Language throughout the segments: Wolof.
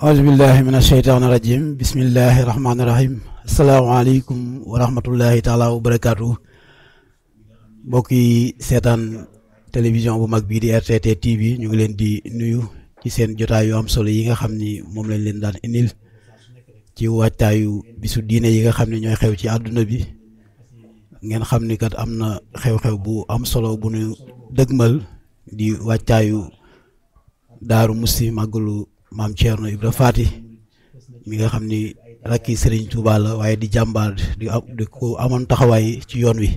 aousubillahi min asheytaan irajim bismillahi rahmaanirahim asalaamaaleykum wa rahmatullahi taala wa barakaatu mbokk yi seetaan télévision bu mag bii di RTT TV ñu ngi leen di nuyu ci seen jotaay yu am solo yi nga xam ni moom lañ leen daan indil ci waajtaayu bisu diine yi nga xam ni ñooy xew ci àdduna bi ngeen xam ni kat am na xew-xew bu am solo bu nu dëgmal di waajtaayu daaru musti màggalu maam Thierno Ibra Faati mi nga xam ni rakki sëriñ Touba la waaye di jàmbaar di di ko amoon taxawaay ci yoon wi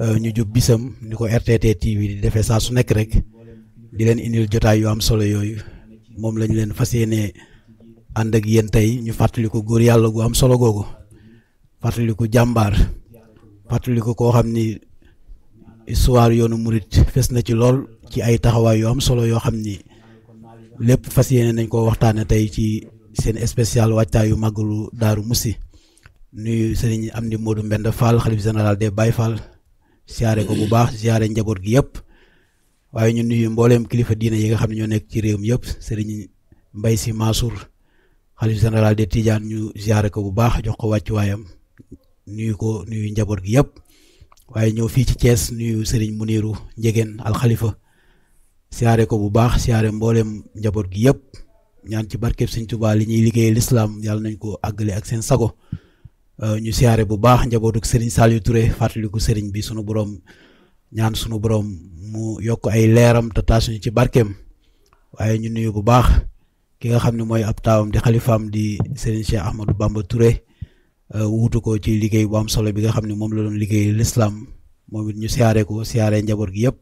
euh, ñu jub bisam ni ko RTT TV di defee saa su nekk rek di leen indil jotaay yu am solo yooyu moom lañu leen fas yéenee ànd ak yéen tey ñu fàttaliku góor yàlla gu am solo googu fàttaliku jàmbaar fàttaliku koo xam ni histoire yoonu murit fes na ci lool ci ay taxawaay yu am solo yoo xam ni. lépp fas yéene nañ ko waxtaane tey ci seen spécial wàccaayu màggalu Daaru mussi nuyu sëriñ Amdi Modou Mbend Fall xalif général des Baye Fall siyaare ko bu baax siyaare njaboot gi yëpp waaye ñu nuyu mbooleem kilifa diine yi nga xam ne ñoo nekk ci réew mi yëpp sëriñ Mbay Si Mansour xalif général de Tidiane ñu siyaare ko bu baax jox ko wàccuwaayam nuyu ko nuyu njaboot gi yëpp waaye ñëw fii ci Thiès nuyu sëriñ Muniru Njegeen al Khalifa siyaare ko bu baax siyaare mbooleem njaboot gi yëpp ñaan ci barkeb sëñ Tuubaa li ñuy liggéey lislaam yàlla nañ ko àggale ak seen sago euh, ñu siyaare bu baax njabootuk sëriñ saal ture Touré ko sëriñ bi sunu borom ñaan sunu borom mu yokk ay leeram te taasuñu ci barkeem waaye ñu nuyu bu baax ki nga xam ne mooy ab taawam di xalifaam di sëriñ Cheikh Ahmadou Bamba Touré euh, wuutu ko ci liggéey bu am solo bi nga xam ne moom la doon liggéey lislaam moom it ñu siyaare ko siyaare njaboot gi yëpp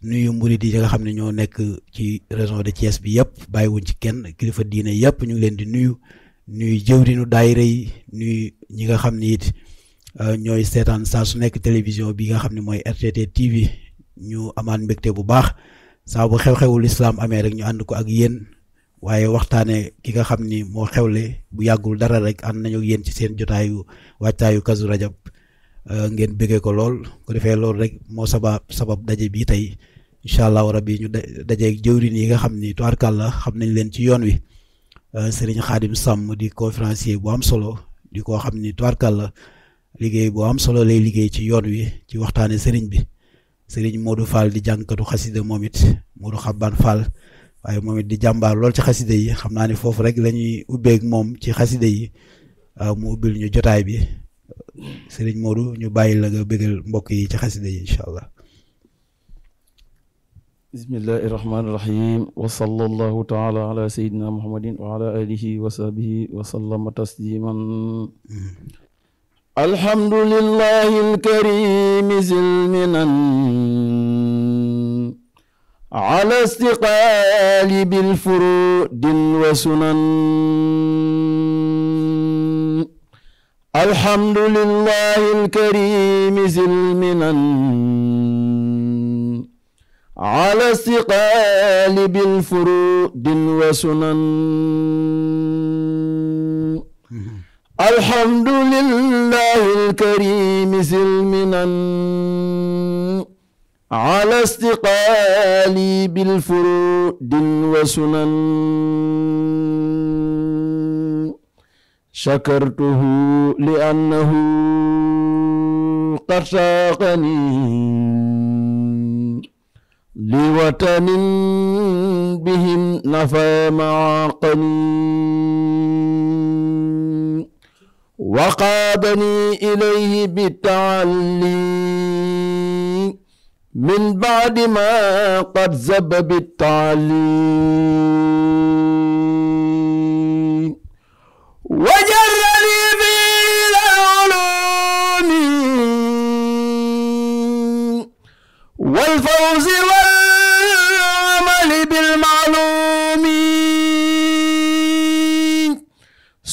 nuyu murid yi nga xam ne ñoo nekk ci région de Thiès bi yëpp bàyyiwuñ ci kenn kilifa diine yëpp ñu ngi leen di nuyu nuyu jëwriñu daayira rey nuyu ñi nga xam ni it euh, ñooy seetaan saa su nekk télévision bi nga xam ne mooy RTT TV ñu amaan mbégte bu baax saa bu xew-xewul islaam amee rek ñu ànd ko ak yéen waaye waxtaane ki nga xam ni moo xewle bu yàggul dara rek ànd nañu ak yéen ci seen jotaayu waajtaayu Kazu Rajab Euh, ngeen bëggee ko lool ko defee loolu rek moo sabab sabab daje bii tey incha allahu rabbi ñu dajeeg jëwriñ yi nga xam ni tubaarkàl la xam nañ leen ci yoon wi euh, sëriñ Xaadim Sàmm di conférencier bu am solo di koo xam ni tubaarkàl la liggéey bu am solo lay liggéey ci yoon wi ci waxtaane sëriñ bi sëriñ Modou Fall di jànkatu xasida moom it Modou Xabbaan Fall waaye moom it di jàmbaar lool ci xasida yi xam naa ne foofu rek lañuy ñuy moom ci xasida yi euh, mu ubbil ñu jotaay bi sëriñ Modou ñu bàyyi la nga bëggal mbokk yi ci xasida yi incha allah bismillahi irrahmani irrahim wa sallallahu taala ala sayidina muhammadin wa ala alihi wa sahbihi wa sallama tasliman hmm. alhamdulillahi alkarimi zilminan ala istiqaali bilfurudin wa sunan الحمد لله الكريم ذي المنن على استقال بالفروض وسنن الحمد لله الكريم ذي المنن على استقال بالفروض وسنن شكرته لأنه قد ساقني لوطن بهم نفى معاقني وقادني إليه بالتعلي من بعد ما قد زب بالتعلي وجرني في العلوم والفوز والعمل بالمعلوم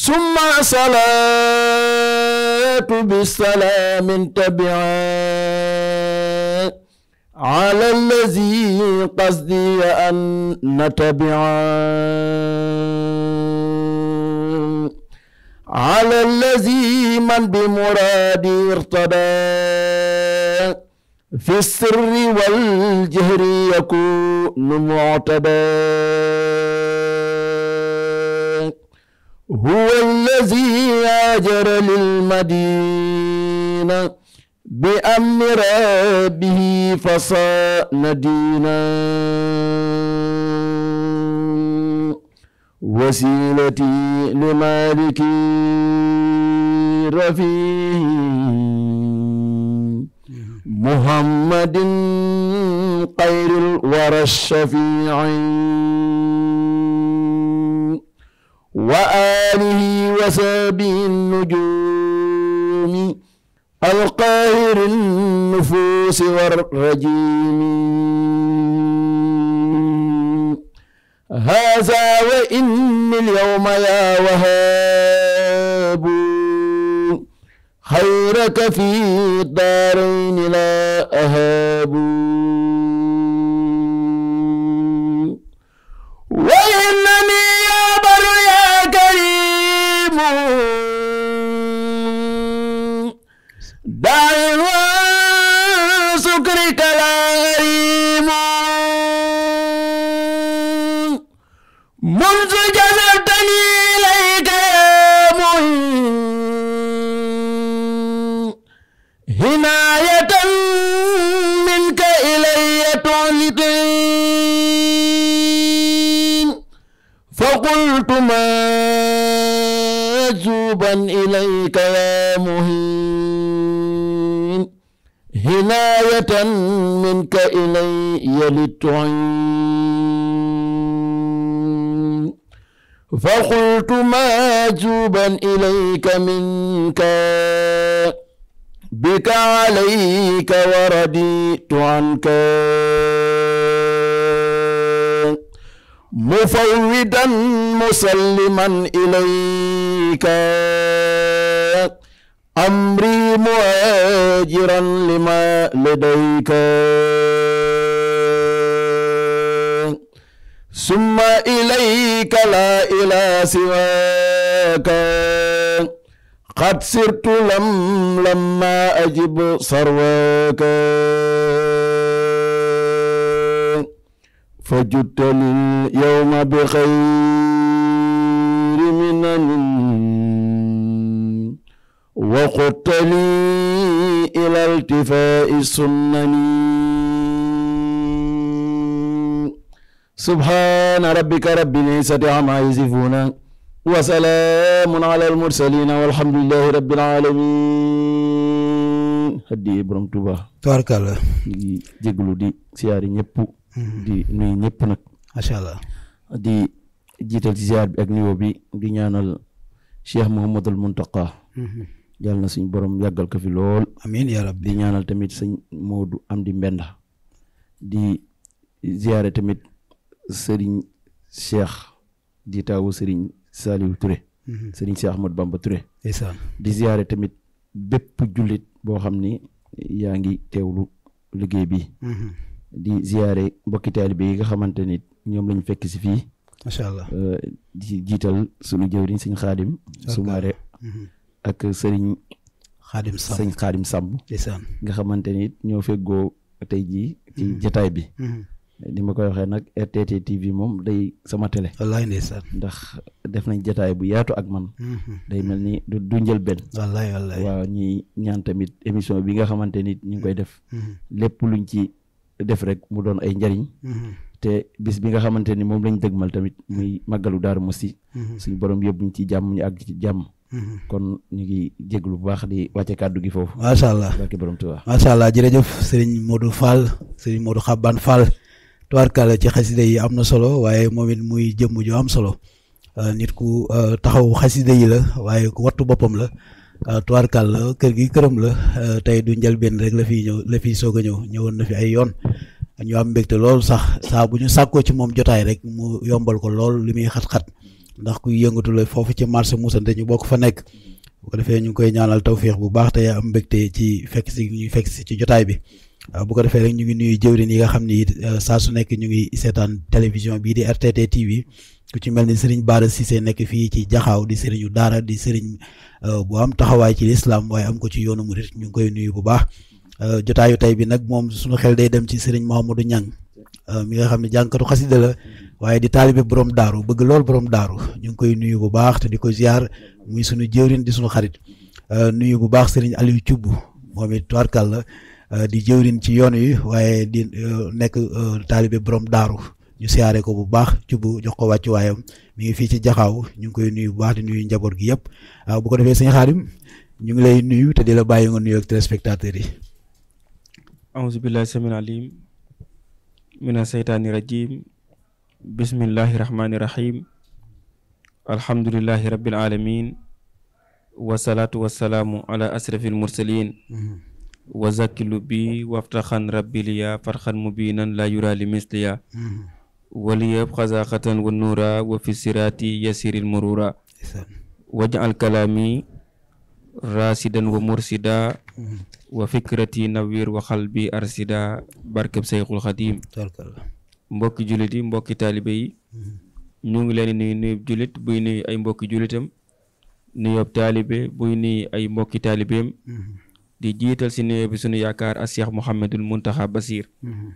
ثم صلاة بالسلام تبعا على الذي قصدي أن نتبعا على الذي من بمرادي ارتدى في السر والجهر يكون معتدى هو الذي هاجر للمدينة بأمر ربه فصان دينا وسيلتي لمالكي رفيعي محمد خير الورى الشفيع وآله وسابه النجوم القاهر النفوس والرجيم هذا وإني اليوم يا وهاب خيرك في الدارين لا أهاب حكما إليك أمري مهاجرا لما لديك ثم إليك لا إلى سواك قد سرت لم لما أجب صرواك فجدت لليوم بخير سنن واقتلي إلى التفاء سنن سبحان ربك رب العزة عما يصفون وسلام على المرسلين والحمد لله رب العالمين هدي برم توبا تبارك الله دي جيغلو دي سياري ñepp di nuy ñepp nak ma sha Allah di jiital si ziar bi ak nuyoo bi di ñaanal Cheikh Mouhamadul Mountakha. Mhm. yàlla na suñ borom yàggal ko fi lool. amiin yaa di ñaanal tamit sëñ Modou Amdi Mbenda. di ziare tamit sëriñ Cheikh di taawu sëriñ Saliou Touré. Mhm. sëriñ Cheikh Ahmad Bamba Touré. di ziare tamit bépp jullit boo xam ni yaa ngi teewlu liggéey bi. Mhm. di ziare mbokki taalibe yi nga xamante ni ñoom lañ fekk si fii. macha allah euh, di ci jiital suñu jëwriñ sëñ xaadim sumaare mhm. ak sëriñ xaadim sàmb sëñ xaadim sàmb nga xamante ni ñoo feggoo tey jii ci mhm. jataay bi mhm. ni ma koy waxee nag RTT TV moom day sama tele wallaay ndax def nañ jataay bu yaatu ak man. day mel ni du du njël benn. wallaay wallaay waaw ñuy ñaan tamit émission bi nga xamante ni ñu ngi koy def. lépp luñ ci def rek mu doon ay njariñ. te bis bi nga xamante ni moom lañ dëgmal tamit muy màggalu Daaru Musti mhm. suñu borom yëpp ñu ci jàmm ñu àgg ci jàmm mhm. kon ñu ngi jéglu bu baax di wàcce kàddu gi foofu macha allah barke borom Tuubaa macha allah jërëjëf Serigne Modou Fall Serigne Modou Xaban Fall tubaarkàlla ci xasida yi am na solo waaye moom it muy jëmm ju am solo euh, nit ku euh, taxaw xasida yi la waaye ku wattu boppam la euh, tubaarkàlla kër gi këram la tey du njëlbeen rek la fi ñëw la fi soog a ñëw ñëwoon na fi ay yoon ñu am mbégte loolu sax saa bu ñu sàkkoo ci moom jotaay rek mu yombal ko lool li muy xat-xat ndax ku yëngatu foofu ci marché Moussanté ñu bokk fa nekk bu ko defee ñu ngi koy ñaanal tawféex bu baax te am mbégte ci fekk si ñuy fekk si ci jotaay bi bu ko defee ñu ngi nuyu jëwrin yi nga xam ni euh, saa su nekk ñu ngi seetaan télévision bii di RTT TV ku ci mel ni Serigne Bara Cissé nekk fii ci jaxaw di Serigne daara di Serigne euh, bu am taxawaay ci lislaam waaye am ko ci yoonu murit ñu ngi koy nuyu bu baax Euh, jotaayu tey bi nag moom suñu xel day dem ci Serigne Mahamadou Niang euh, mi nga xam ne jànkatu xasida la waaye di taalibe borom daaru bëgg lool borom daaru ñu ngi koy nuyu bu baax te di ko ziar muy suñu jëwrin di suñu xarit euh, nuyu bu baax Serigne Aliou Thioub moom it tubarkal la di jëwrin ci yoon wi waaye di nekk taalibe borom daaru ñu siyaare ko bu baax Thioub jox ko waayam mu ngi fii ci jaxaaw ñu ngi koy nuyu bu baax di nuyu njaboot gi yëpp bu ko defee sëñ Xaadim ñu ngi lay nuyu te di la bàyyi nga nuyu ak téléspectateurs yi auzu billahi samin alim mina seytaani rajim bismillahi rahmaani rahim alhamdulillahi rabbil alamin wasalaatu wasalaamu ala asrafil mursalin wa zakkilu bi waftaxan rabbiliya farxan mubinan la yurali misliya waliyab xasaxatan wa nuura wa fi siraati yasiril murura wajal kalaami rasidan wa mursida wa fikrati nawir waxal bi arsida barkeb seyxul xadim mbokki jullit yi mbokki taalibe yi mm-hmm. ñu ngi leen nuyu nuyub jullit buy nuyu ay mbokki jullitam nuyub taalibe buy nuyu ay mbokki taalibeem mm-hmm. di jiital si nuyoo bi sunu yaakaar ak Cheikh Mouhamadul Muntaxa Basiir mm-hmm.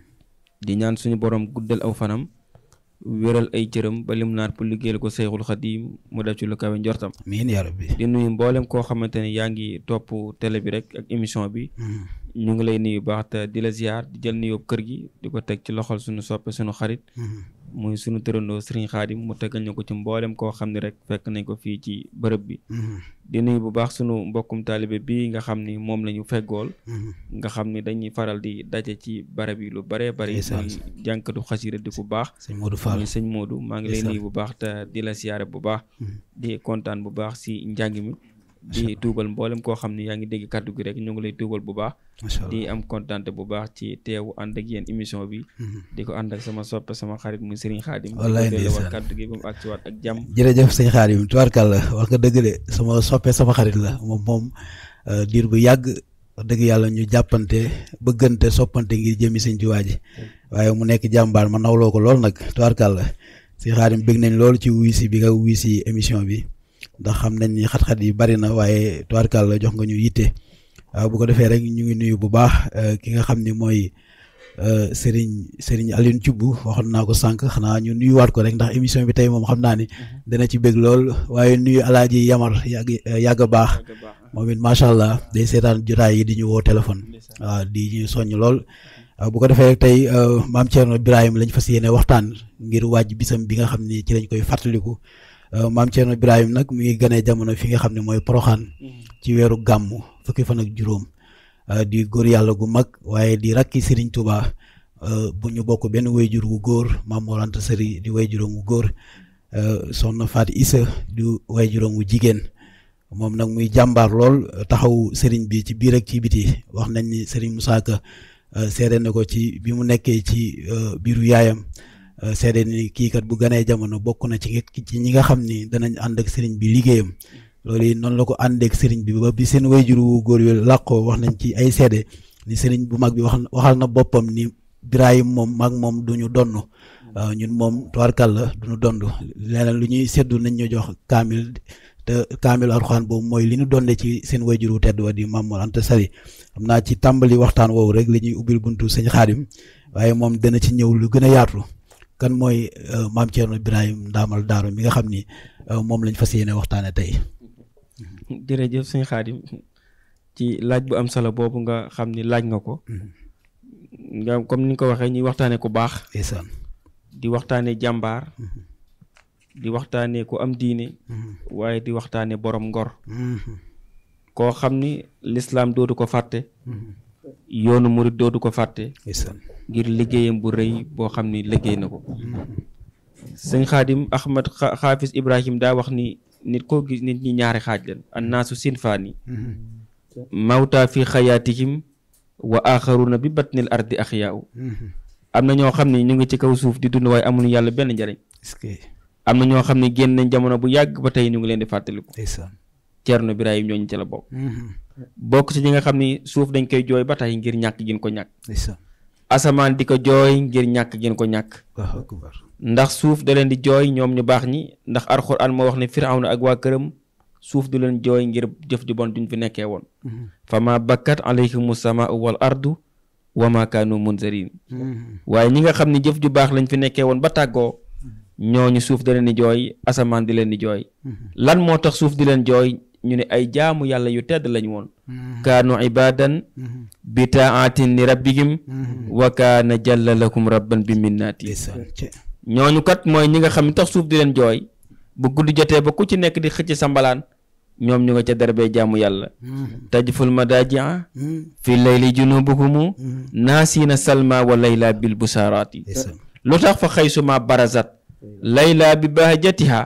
di ñaan suñu borom guddal aw fanam wéral ay cëram ba lim naat pour liggéeyal ko Seexul Xadiim mu def ci lu kawe njortam. amiin yaa rabbi. di nuyu mboolem koo xamante ne yaa ngi topp télé bi rek ak émission bi. Hmm. ñu ngi lay nuyu baax te di la ziar di jël nuyoo kër gi di ko teg ci loxol sunu soppe suñu xarit. Hmm. muy sunu tërandoo Serigne Khadim mu tegal ñu ko ci mbooleem koo xam ne rek fekk nañ ko fii ci bërëb bi. Mm-hmm. di nuy bu baax sunu mbokkum taalibe bii nga xam ni moom la ñu feggool. Mm-hmm. nga xam ni dañuy faral di daje ci barab yi lu baree bari. muy jànkatu xasida di ku baax. sëñ Modou Fall muy sëñ Modou maa ngi lay nuyu bu baax te di la siyaare bu baax. Mm-hmm. di kontaan bu baax si njàng mi. di tuubal mboolem koo xam ni yaa ngi dégg kàddu gi rek ñu ngi lay tuubal bu baax di am kontaante bu baax ci teewu ànd ak yéen émission bi mm-hmm. di ko ànd ak sama soppe sama xarit muy Serigne Khadim wallaay ndeysaan kàddu gi ba mu ak ci waat ak jàmm jërëjëf sëñ Khadim tubaarkal la wax nga dëgg de sama soppee sama xarit la moom moom euh, diir bu yàgg wax dëgg yàlla ñu jàppante bëggante soppante ngir jëmi sañ ci waaji waaye mu nekk jàmbaar ma nawloo ko lool nag tubaarkal la sëñ Khadim bëgg nañ lool ci wuy si bi nga wuy si bi ndax xam nañ ni xat-xat yi bari na waaye tubaarkaal la jox nga ñu yitte waaw bu ko defee rek ñu ngi nuyu bu baax euh, ki nga xam ni mooy euh, Serigne Serigne Alioune Thioub waxoon naa ko sànq xanaa ñu nuyu waat ko rek ndax émission bi tey moom xam naa ni mhm. dana ci bég lool waaye nuyu alaaji Yamar yàgg euh, yàgg a baax moom it macha allah day seetaan jotaay yi di ñu woo téléphone waaw di ñu soññ lool. bu ko defee rek tey maam Thierno Birahim lañ fas yéene waxtaan ngir waaj bisam bi nga xam ni ci lañ koy fàttaliku. Euh, maam Thierno Ibrahim nag mu ngi gane jamono fi nga xam ne mooy Poroxaan mm-hmm. ci weeru gàmmu fukki fan ak juróom euh, di góor yàlla gu mag waaye di rakki sëriñ Touba euh, bu ñu bokk benn wayjur wu góor maam Mor Anta Sali di wayjuram wu góor soxna Faat Isa di wayjuram wu jigéen moom nag muy jàmbaar lool taxaw Serigne bi ci biir ak ci biti wax nañ ni Serigne Moussa Ka seede na ko ci bi mu nekkee ci biiru yaayam. Euh, seede ni kiikat bu ganee jamono bokk na ci ci ñi nga xam ni danañ ànd ak sëriñ bi liggéeyam loolu yi noonu la ko àndeek sëriñ bi ba bi seen wayjur wu góor yu làqoo wax nañ ci ay seede ni sëriñ bu mag bi wax waxal na boppam ni Birahim moom mag moom du ñu ñun moom tuwarkal la dond leneen lu ñuy seddu nañ ñu jox kaamil te kaamil alxuraan boobu mooy li ñu donde ci seen way jur wu tedd wa di Mamour Anta Sali xam naa ci tàmbali waxtaan woowu rek li ñuy ubbil buntu sëñ Xaadim waaye moom dana ci ñëw lu gën a yaatu kan mooy euh, maam Thierno Ibrahim Ndaamal Daaru mi nga xam ni euh, moom lañ fas yéene waxtaane tey. jërëjëf sëñ Xaadim ci laaj bu am solo boobu nga xam ni laaj nga ko. Mm-hmm. nga comme ni nga ko waxee ñuy waxtaanee ku baax. ndeysaan di waxtaanee jàmbaar. Mm-hmm. di waxtaanee ku am diine. Mm-hmm. waaye di waxtaanee borom ngor. koo xam ni lislaam doodu ko fàtte. yoonu murit dootu ko fàtte. ngir liggéeyam bu rëy boo xam ni liggéey na ko sëñ xaadim ahmad xaafis ibrahim daa wax ni nit koo gis nit ñi ñaari xaaj leen annaasu sinfaani mawta fi xayaatihim wa axaruna bi batnil ardi axyaaw am na ñoo xam ne ñu ngi ci kaw suuf di dund waaye amul yàlla benn njariñ am na ñoo xam ne génn nañ jamono bu yàgg ba tey ñu ngi leen di fàttaliku Ceerno Birahim ñooñu ci la bokk mhm. bokk ci ñi nga xam ni suuf dañ koy jooy ba tey ngir ñàkk gin ko ñàkk asamaan di ko jooy ngir ñàkk gën ko ñàkk ndax suuf da leen di jooy ñoom ñu baax ñi ndax alxuraan moo wax ne firawna ak waa këram suuf du leen jooy ngir jëf ju bon duñ fi nekkee woon mhm. fa ma bakkat alayhimu samaau wal ardu wa ma kaanu munzarin mhm. waaye ñi nga xam ne jëf ju baax lañ fi nekkee woon ba tàggoo ñoo ñooñu suuf da leen di jooy asamaan di leen di jooy mhm. lan moo tax suuf di leen jooy ñu ne ay jaamu yàlla yu tedd lañ woon mm-hmm. kaanu ibadan mm-hmm. bi taatin li rabbihim mm-hmm. wa kaana jalla lakum rabban bi minnaati ñooñu kat mooy ñi nga xam ne tax suuf di leen jooy bu guddi jotee ba ku ci nekk di xëcc sa mbalaan ñoom ñu nga ca derbee jaamu yàlla tajful madajia fi layli junubuhumu naasina salma wa layla bil busaaraati lu tax fa xaysuma barazat layla bi bahajatiha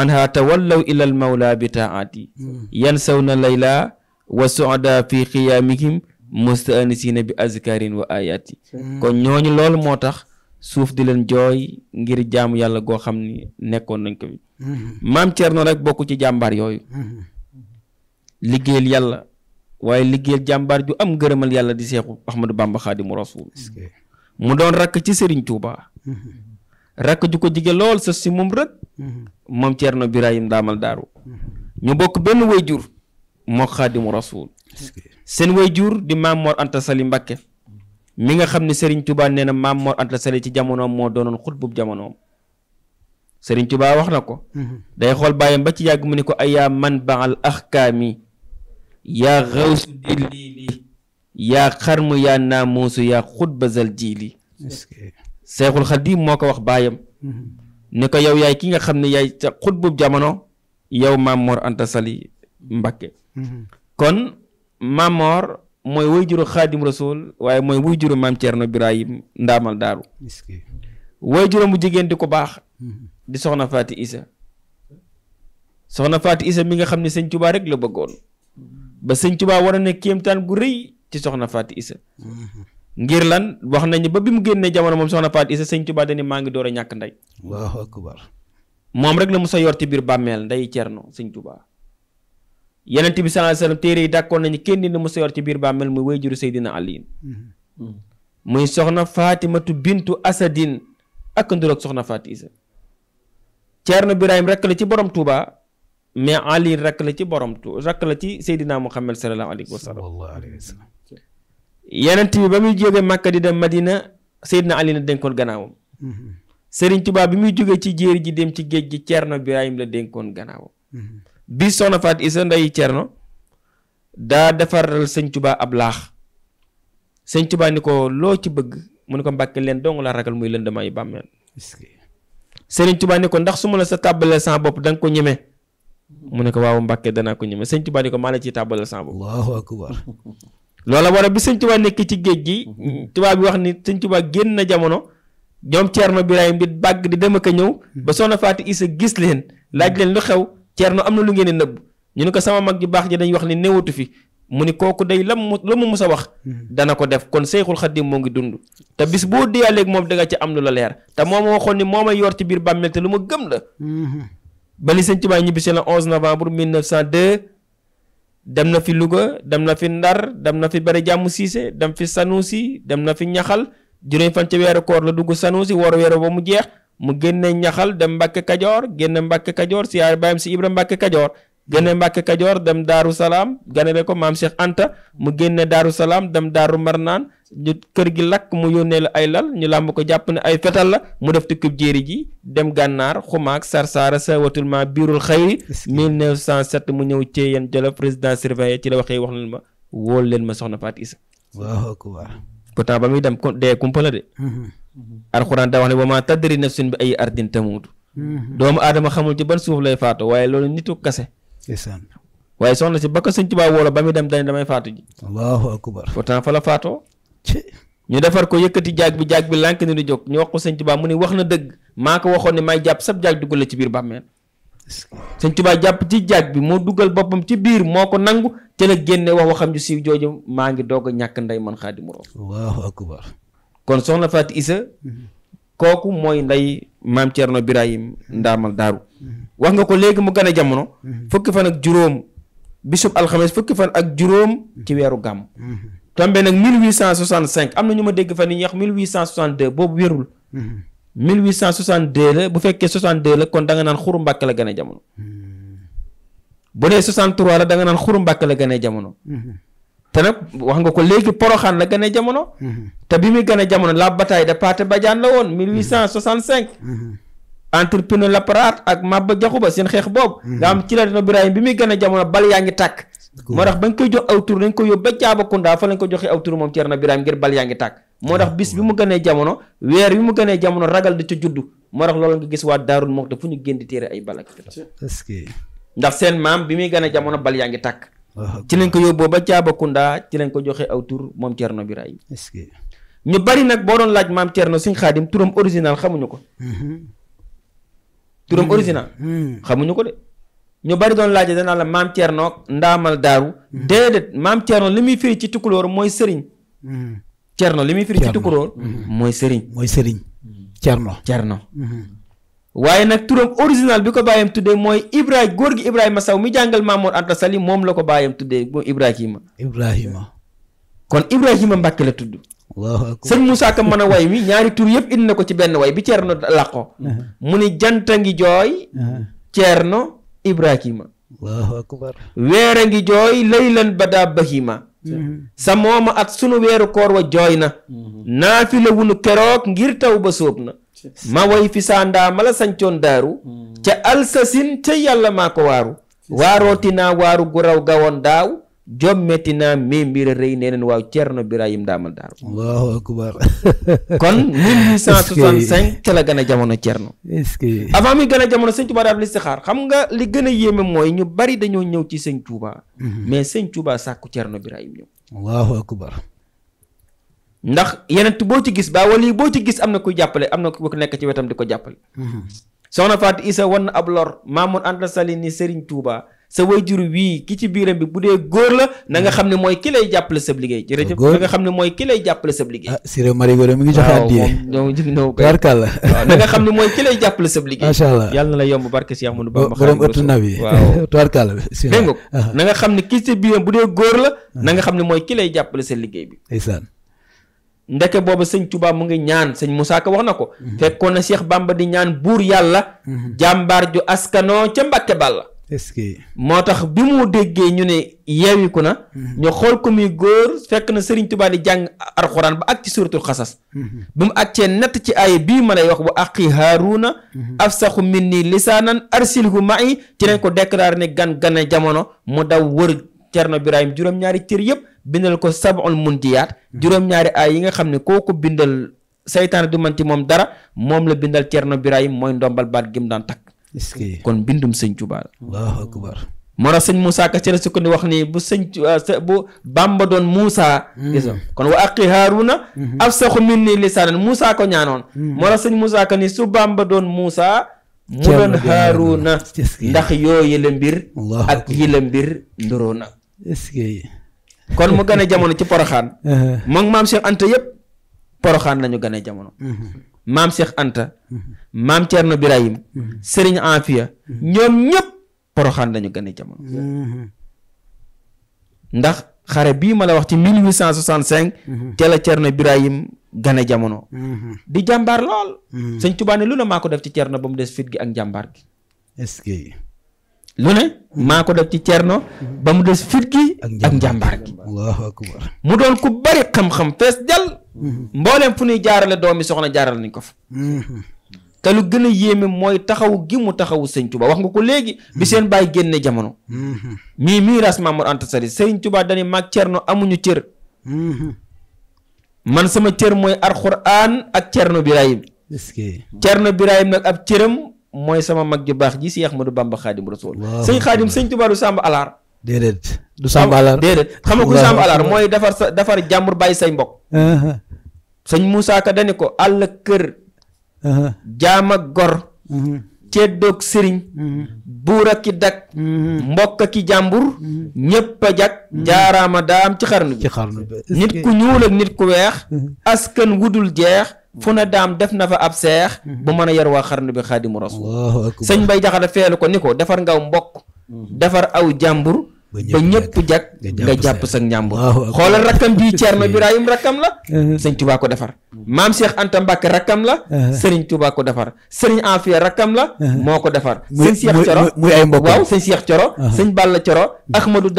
anha tawallaw ila al mawla bi taati hmm. yansawna layla wa suada fi qiyaamihim mustaanisina bi azkarin wa ayaati hmm. kon ñooñu loolu moo tax suuf di leen jooy ngir jaamu yàlla goo xam ni nekkoon nañ ko bi hmm. maam Cerno rek bokk ci jàmbaar yooyu liggéeyal yàlla waaye liggéeyal jàmbaar ju am gërëmal yàlla di seexu Ahmadou Bamba Xaadimu Rasuul mu doon rakk ci Sëriñ Tuuba rakk ju ko jige lool sa si moom moom Thierno Birahim daamal daaru ñu bokk benn wayjur moo xaadimu rasuul seen wayjur di maam Mor Anta Sali mi nga xam ne Serigne Touba nee na maam Mor Anta ci jamonoom moo doonoon xutbub jamonoom Serigne Touba wax na ko. day xool bàyyam ba ci yàgg mu ne ko ayaa man baaxal axkaami yaa xawsu dilliili yaa xarmu yaa naamuusu yaa xutba zal jiili. Seexul Xadiim moo ko wax bàyyam. Mm-hmm. ni ko yow yaay ki nga xam ne yaay ca xutbub jamono yow Maam Mor Anta mm-hmm. kon Maam Mor mooy wuy juru xaadim rasul waaye mooy wuy juru Maam Cerno Birahim ndaamal daaru way juróom bu jigéen di ko baax mm-hmm. di soxna faati isa soxna faati isa mi nga xam ne sëñ Tuubaa rek la bëggoon ba sëñ Tuubaa war a ne kéemtaan gu rëy ci soxna faati isa mm-hmm. ngir lan wax nañu ba bi mu génnee jamono moom soxna Faat Isa sëñ Tuubaa maa ngi door a ñàkk ndey waaw moom rek la mu sa yor ci biir bàmmeel nday cerno sëñ Tuubaa yenent bi sallallahu alayhi téere yi dàkkoon nañu kenn dina mu sa yor ci biir bàmmeel muy wayjuru Seydina Aliin mm-hmm. muy soxna Faatimatu bintu Asadin ak nduroog soxna Faat Isa Cerno Birahim rekk la ci borom Touba mais Ali rekk la ci borom tu rekk la ci Seydina Muhammad sallallahu alayhi wa sallam yonent bi ba muy jóge Màkka di dem Madina Seydina Ali la dénkoon gannaawam mhm. Sëriñ tubaa bi muy jóge ci jéeri ji dem ci géej gi Cerno Birahim la dénkoon gannaawam mhm. bi soxna Faat Isa ndeyi Cerno daa defaral Sëñ Tuubaa ab laax Sëñ Tuubaa ni ko loo ci bëgg mu ne ko Mbàkke leen dong la ragal muy lëndëmaa yu bàmmeel Sëriñ Tuubaa ndax su ma la sa tàbbaleel sa bopp da nga ko ñeme mu ne ko waaw Mbàkke danaa ko ñeme Sëñ Tuubaa ni ko maa la ciy tàbbaleel sa bopp loola war a bi sëñ Tuubaa nekk ci géej gi mhm. tubaab bi wax ni sëñ Tuubaa génn na jamono ñoom Thierno Birahim di bàgg di dem ak a ñëw ba mhm. soxna Faati Isa gis leen laaj leen lu xew Thierno am na lu ngeen nëbb ñu ne ko sama mag ji baax ji dañ wax ni newatu fi mu ni kooku day lam mu lu mu mus a wax mhm. dana ko def kon Seyxul Xadim moo ngi dund te bis boo déyaaleeg moom da nga ci am lu la leer te moom waxoon ni moo may yor ci biir bàmmeel te lu ma gëm la bali sëñ Tuubaa ñibbisi la 11 novembre 1902 dem na fi Louga dem na fi Ndar dem na fi bari jàmm siise dem fi Sanusi dem na fi ñaxal juróom fan ci weeru koor la dugg Sanusi war weeru ba mu jeex mu génne ñaxal dem Mbàkke Kajoor génne Mbàkke Kajoor siyaare baayam si Ibra Mbàkke Kajoor génne Mbàkke Kajoor dem Daaru Salaam ganale ko maam Cheikh Anta mu génne Daaru Salaam dem Daaru Marnaan ñu kër gi lakk mu yónnee la ay lal ñu làmb ko jàpp ne ay fetal la mu def tukkib jéeri ji dem gànnaar xumaak sarsaara sawatul ma biirul xayri 1907 mu ñëw ci yéen jëla président surveillé ci la waxee wax leen ma wóol leen ma soxna Fatou Issa waaw ba muy dem dee kumpa la de mhm. alxuraan daa wax ne wa maa tadri nafsin bi ay ardin tamuutu mhm. doomu aadama xamul ci ban suuf lay faatu waaye loolu nitu kase ndeysaan waaye soxna si ba ko sëñ Tuubaa ba muy dem dañ damay faatu ji. allahu akbar pourtant fa la faatoo. ñu defar ko yëkkati jaag bi jaag bi lànk ni du jóg ñu wax ko sëñ Tuubaa mu ni wax na dëgg maa ko waxoon ne may jàpp sab jaag ci biir bàmmeel. sëñ Tuubaa jàpp ci jaag bi moo dugal boppam ci biir moo ko nangu te la génne wax waxam ju siiw jooju maa ngi doog ñàkk ndey man Xaadimu Rasuul. allahu kon soxna Fatou Issa. Mm-hmm. kooku mooy ndey maam Thierno Birahim Ndaamal Daaru. wax nga ko léegi mu gën a jamono mm-hmm. fukki fan ak juróom bisub alxames fukki fan ak juróom ci mm-hmm. weeru gàmm mm-hmm. tombe nag 1865 am na ñu ma dégg fan yi ñuy wax 1862 boobu wérul 1862 la bu fekkee 62 la kon da nga naan xuru mbàkk la gën a jamono bu dee 63 la da nga naan xuru mbàkk la gën a jamono te nag wax nga ko léegi poroxaan la gën a jamono te bi muy gën a jamono la bataille de Pathé Badiane la woon 1865 entrepreneur la paraat ak Maba Jaxu Ba seen xeex boobu. Mm-hmm. nga xam ci la Birahim bi muy gën a jamono bal yaa ngi tàkk. moo tax bañ koy jox aw tur dañ ko yóbbu ba moom Cerno Birahim ngir bi mu gënee jamono weer bi mu gënee nga gis waa Daarul Muxti fu ñu génn di téere ay bal ak ndax seen a jamono bal ah, ba Jaabakunda ci lañ ko joxee aw bari nag boo doon laaj maam Cerno Sëñ Xaadim turam original xamuñu ko mm-hmm. turam mmh. original. Mmh. xamuñu ko de ñu bari doon laajee danaa la maam Thierno ndaamal daaru. Mmh. déedéet maam Thierno li muy firi ci tukulóor mooy sëriñ. Thierno li muy firi ci tukulóor. mooy sëriñ mooy sëriñ. Thierno Thierno. waaye nag turam original bi ko bàyyam tuddee mooy Ibra góor gi Ibrahima Saw mi jàngal Mamour Anta Sali moom la ko bàyyam tuddee mooy Ibrahima. Ibrahima kon Ibrahima Mbàkke la tudd. waaw sëñ Moussa Ka way wi ñaari tur yëpp indi na ko ci benn way bi Thierno làqo mu ni jant a ngi jooy. Thierno Ibrahima. waaw weer a ngi jooy laylan badaa bahima. sa mooma at sunu weeru koor wa jooy na. naafila wunu keroog ngir taw ba sóob na. ma way fi saandaa mala sancoon daaru. Hmm. ca alsasin ca yàlla maa ko waaru. waarooti naa waaru gu raw gawoon daaw. jommetti naa mais mbir a rëy nee neen waaw Cerno Birahim daamal daaru allahu akbar kon 1865 ca la gën a jamono Cerno est-ce que avant muy gën a jamono sëñ Touba xam nga li gën a mooy ñu bari dañoo ñëw ci sëñ Touba mhm. mais sëñ Touba sàkku Cerno Birahim ñëw allahu ndax yeneen boo ci gis baa wala boo ci gis am na kuy jàppale am na ku nekk ci wetam di ko jàppale mhm. soxna Fatou Issa sa jur wii ki ci biiram bi bu dee góor la na nga mm. xam ne mooy ki lay jàppale sab liggéey jërëjëf na nga xam ne mooy ki jàppale sab liggéey ah Siré Mari Gouré mi ngi joxe mooy ki lay jàppale sab liggéey macha allah yàlla na la yomb barke si Ahmadou Bamba borom ëttu nabi waaw ah. na xam ne ki ci biiram bu dee góor la ah. nanga nga xam ne mooy ki lay jàppale sa liggéey bi ndeysaan ndeke booba sëñ Tuubaa mu ngi ñaan sëñ Moussa Ka wax na ko mm-hmm. fekkoon na Cheikh Bamba di ñaan buur yàlla mm-hmm. jàmbaar ju askanoo ca Mbàkke Bàlla est moo tax bi mu déggee ñu ne yeewiku na. Mhm. ñu xool ko muy góor fekk na sëriñ Touba di jàng alxuraan ba ak ci suuratul xasas. Mhm. bi mu ak cee nett ci ay bii ma lay wax wa aqi Haaruna. Mhm. afsaxu minni lisaanan arsilhu ma'i ci lañ ko déclaré ne gan gane jamono mu daw wër Cerno Birahim juróom-ñaari cër yëpp bindal ko sab'ul muntiyaat juróom-ñaari ay yi nga xam ne kooku bindal saytaan du man ci moom dara moom la bindal Cerno Birahim mooy ndombal baat gi mu kon bindum sëñ Tuubaa la. Allahu moo tax sëñ Moussa Ka ci la sukkandiku wax nii bu sëñ bu Bàmba doon Moussa. Hmm. gis kon wa aqi Haaruna. Hmm. afsaxu minni lisaanan Moussa ko ñaanoon. Hmm. moo tax sëñ Moussa Ka su Bàmba doon Moussa. mu doon Haaruna ndax yoo yële mbir. ak yële mbir ndoroo kon mu gane jamono ci poroxaan. Uh-huh. moom maam Cheikh Anta yëpp poroxaan la ñu gane jamono. Mm-hmm. maam Cheikh Anta maam Thierno Birahim Serigne Afia ñoom ñëpp poroxaan dañu gën a jamono ndax xare bii ma la wax ci 1865 ca la Thierno a jamono di jàmbaar lool sëñ Tuubaa ne lu ne maa ko def ci Thierno ba mu des fit gi ak lu ne maa ko def ci Thierno ba mu des fit ak njàmbaar gi allahu akbar mu doon ku bari xam-xam fees dell mbooleem fu ñuy jaarale doomi soxna jaarale nañ ko fa te lu gën a yéeme mooy taxaw gi mu taxawu sëñ Tuba wax nga ko léegi bi seen bàyyi génne jamono mii miiras Mamour Anta Sali sëñ Tuba dañu mag cerno amuñu cër man sama cër mooy alxuraan ak cerno Birahim cerno Birahim nag ab cëram mooy sama mag ju baax ji si Ahmadu Bamba Xaadim Rasul sëñ Xaadim sëñ Tuba du sàmb alaar déedéet du sàmm alaar déedéet xam ku sàmm mooy defar sa defar jàmbur bàyyi say uh-huh. Moussa Ka dani ko àll kër uh-huh. jaam ak gor uh-huh. ceddoog sëriñ buur ak ki dak mbokk ak ki jàmbur ñépp a jag jaaraama daam ci xarnu bi nit ku ñuul ak nit ku weex askan wudul jeex fu na daam def na fa ab seex bu mën a yar waa xarnu bi xaadimu rasul sëñ Mbay Jaxate feelu ko ni ko defar ngaw mbokk defar aw jàmbur ba ñëpp jag nga jàpp sa njàmbur xoolal rakkam bii Thierno Birahim rakkam la uh-huh. sëñ Tuubaa ko defar maam Cheikh Anta Mbacke rakkam la uh-huh. sëriñ Tuubaa ko defar sëriñ Afia rakkam la uh-huh. moo ko defar sëñ Cheikh Coro muy ay mbokk waaw sëñ Cheikh Coro sëñ Balla Coro Ahmadou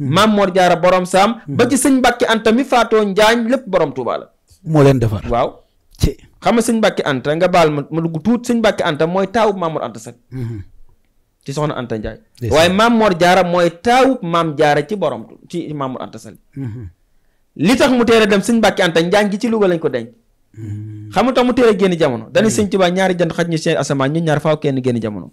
maam Mor Jaara borom saam ba ci sëñ Mbacke Anta mi faatoo Njaañ lépp borom Tuubaa la moo leen defar waaw xam nga sëñ Mbacke Anta nga baal ma ma dugg tuut sëñ Mbacke Anta mooy taawu Mamour Anta Seck ci soxna Anta Ndiaye. waaye maam Mor Jaara mooy taawub maam Jaara ci borom ci maam Mor Anta Sali. Mm-hmm. li tax mu teel a dem sëñ Mbàkke Anta Njaañ gi ci Louga lañ ko denc. Mm-hmm. xam nga tax génn jamono mm-hmm. dañuy sëñ Tuubaa ñaari jant xaj ñu seen asamaan ñu ñaar faaw kenn génn jamono.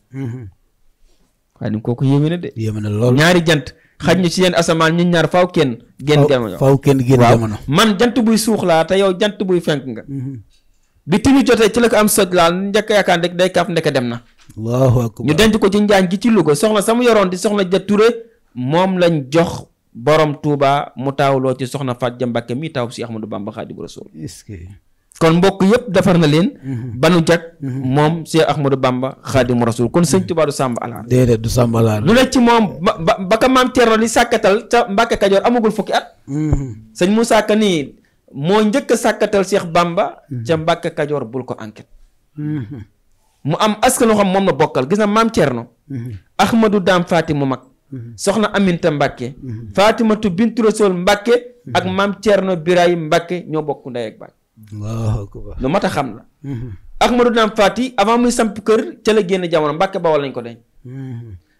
waaye kooku yéeme na de. yéeme na lool ñaari jant. xaj ñu ci seen asamaan ñun ñaar faaw kenn. génn jamono kenn génn man jant buy suux laa te yow jant buy fenk nga. bi timis jotee ci la ko am soj laal njëkk a yaakaar day kaaf ndeke dem na. ñu denc ko ci njaañ gi ci Louga soxna samu yoroon di soxna ja Touré moom lañ jox borom Touba mu taawloo ci soxna Faat Ja Mbàkke mii taaw si Ahmadou Bamba Xaadimu Rasuul kon mbokk yëpp defar na leen. Mhm. banu jag. Mhm. moom Cheikh Ahmadou Bamba xaadimu rasul kon sëñ Tuubaa du sàmb alaar. du sàmb lu nekk ci moom ba ba ka maam Thierno li sàkkatal ca Mbàkke Kajoor amagul fukki at. Mhm. sëñ Moussa Ka nii moo njëkk a sàkkatal Cheikh Bamba. ca Mbàkke Kajoor bul ko enquête. mu am askan loo xam moom la bokkal gis na maam Thierno. Mm-hmm. Ahmadou Dame Faty mu mag. Mm-hmm. soxna Aminta Mbacke. Mm-hmm. Fatimatu Bintu Rasul Mbacke. ak maam Thierno Birahim Mbacke ñoo bokku ndey ak baay. lu mat a xam la. Ahmadou Dame Faty avant muy samp kër ca la génn jamono Mbacke Bawol lañ ko denc.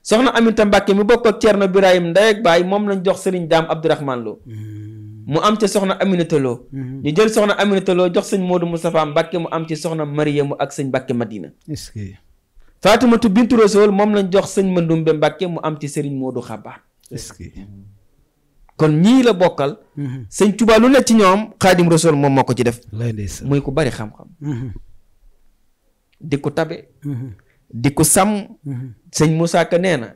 soxna Aminta Mbacke mu bokk ak Thierno Birahim ndey ak baay moom lañ jox Serigne Dame Abdourahmane Lo. mu am ca soxna Aminata Lo mhm. ñu jël soxna Aminata Lo jox sëñ Modou Moustapha Mbacke mu am ci soxna Mariyamu ak sëñ Mbacke Madina. est-ce que. Fatimatu Bintu Rasool moom lañ jox sëñ Mandumbe Mbacke mu am ci Serigne Modou Xabaar. est kon ñii la bokkal. Mhm. sëñ Tuubaa lu ne ci ñoom Xaadim Rasool moom moo ko ci def. muy ko bari xam-xam. Mhm. di ko tabe. di ko sàmm. sëñ Moussa Ka nee na.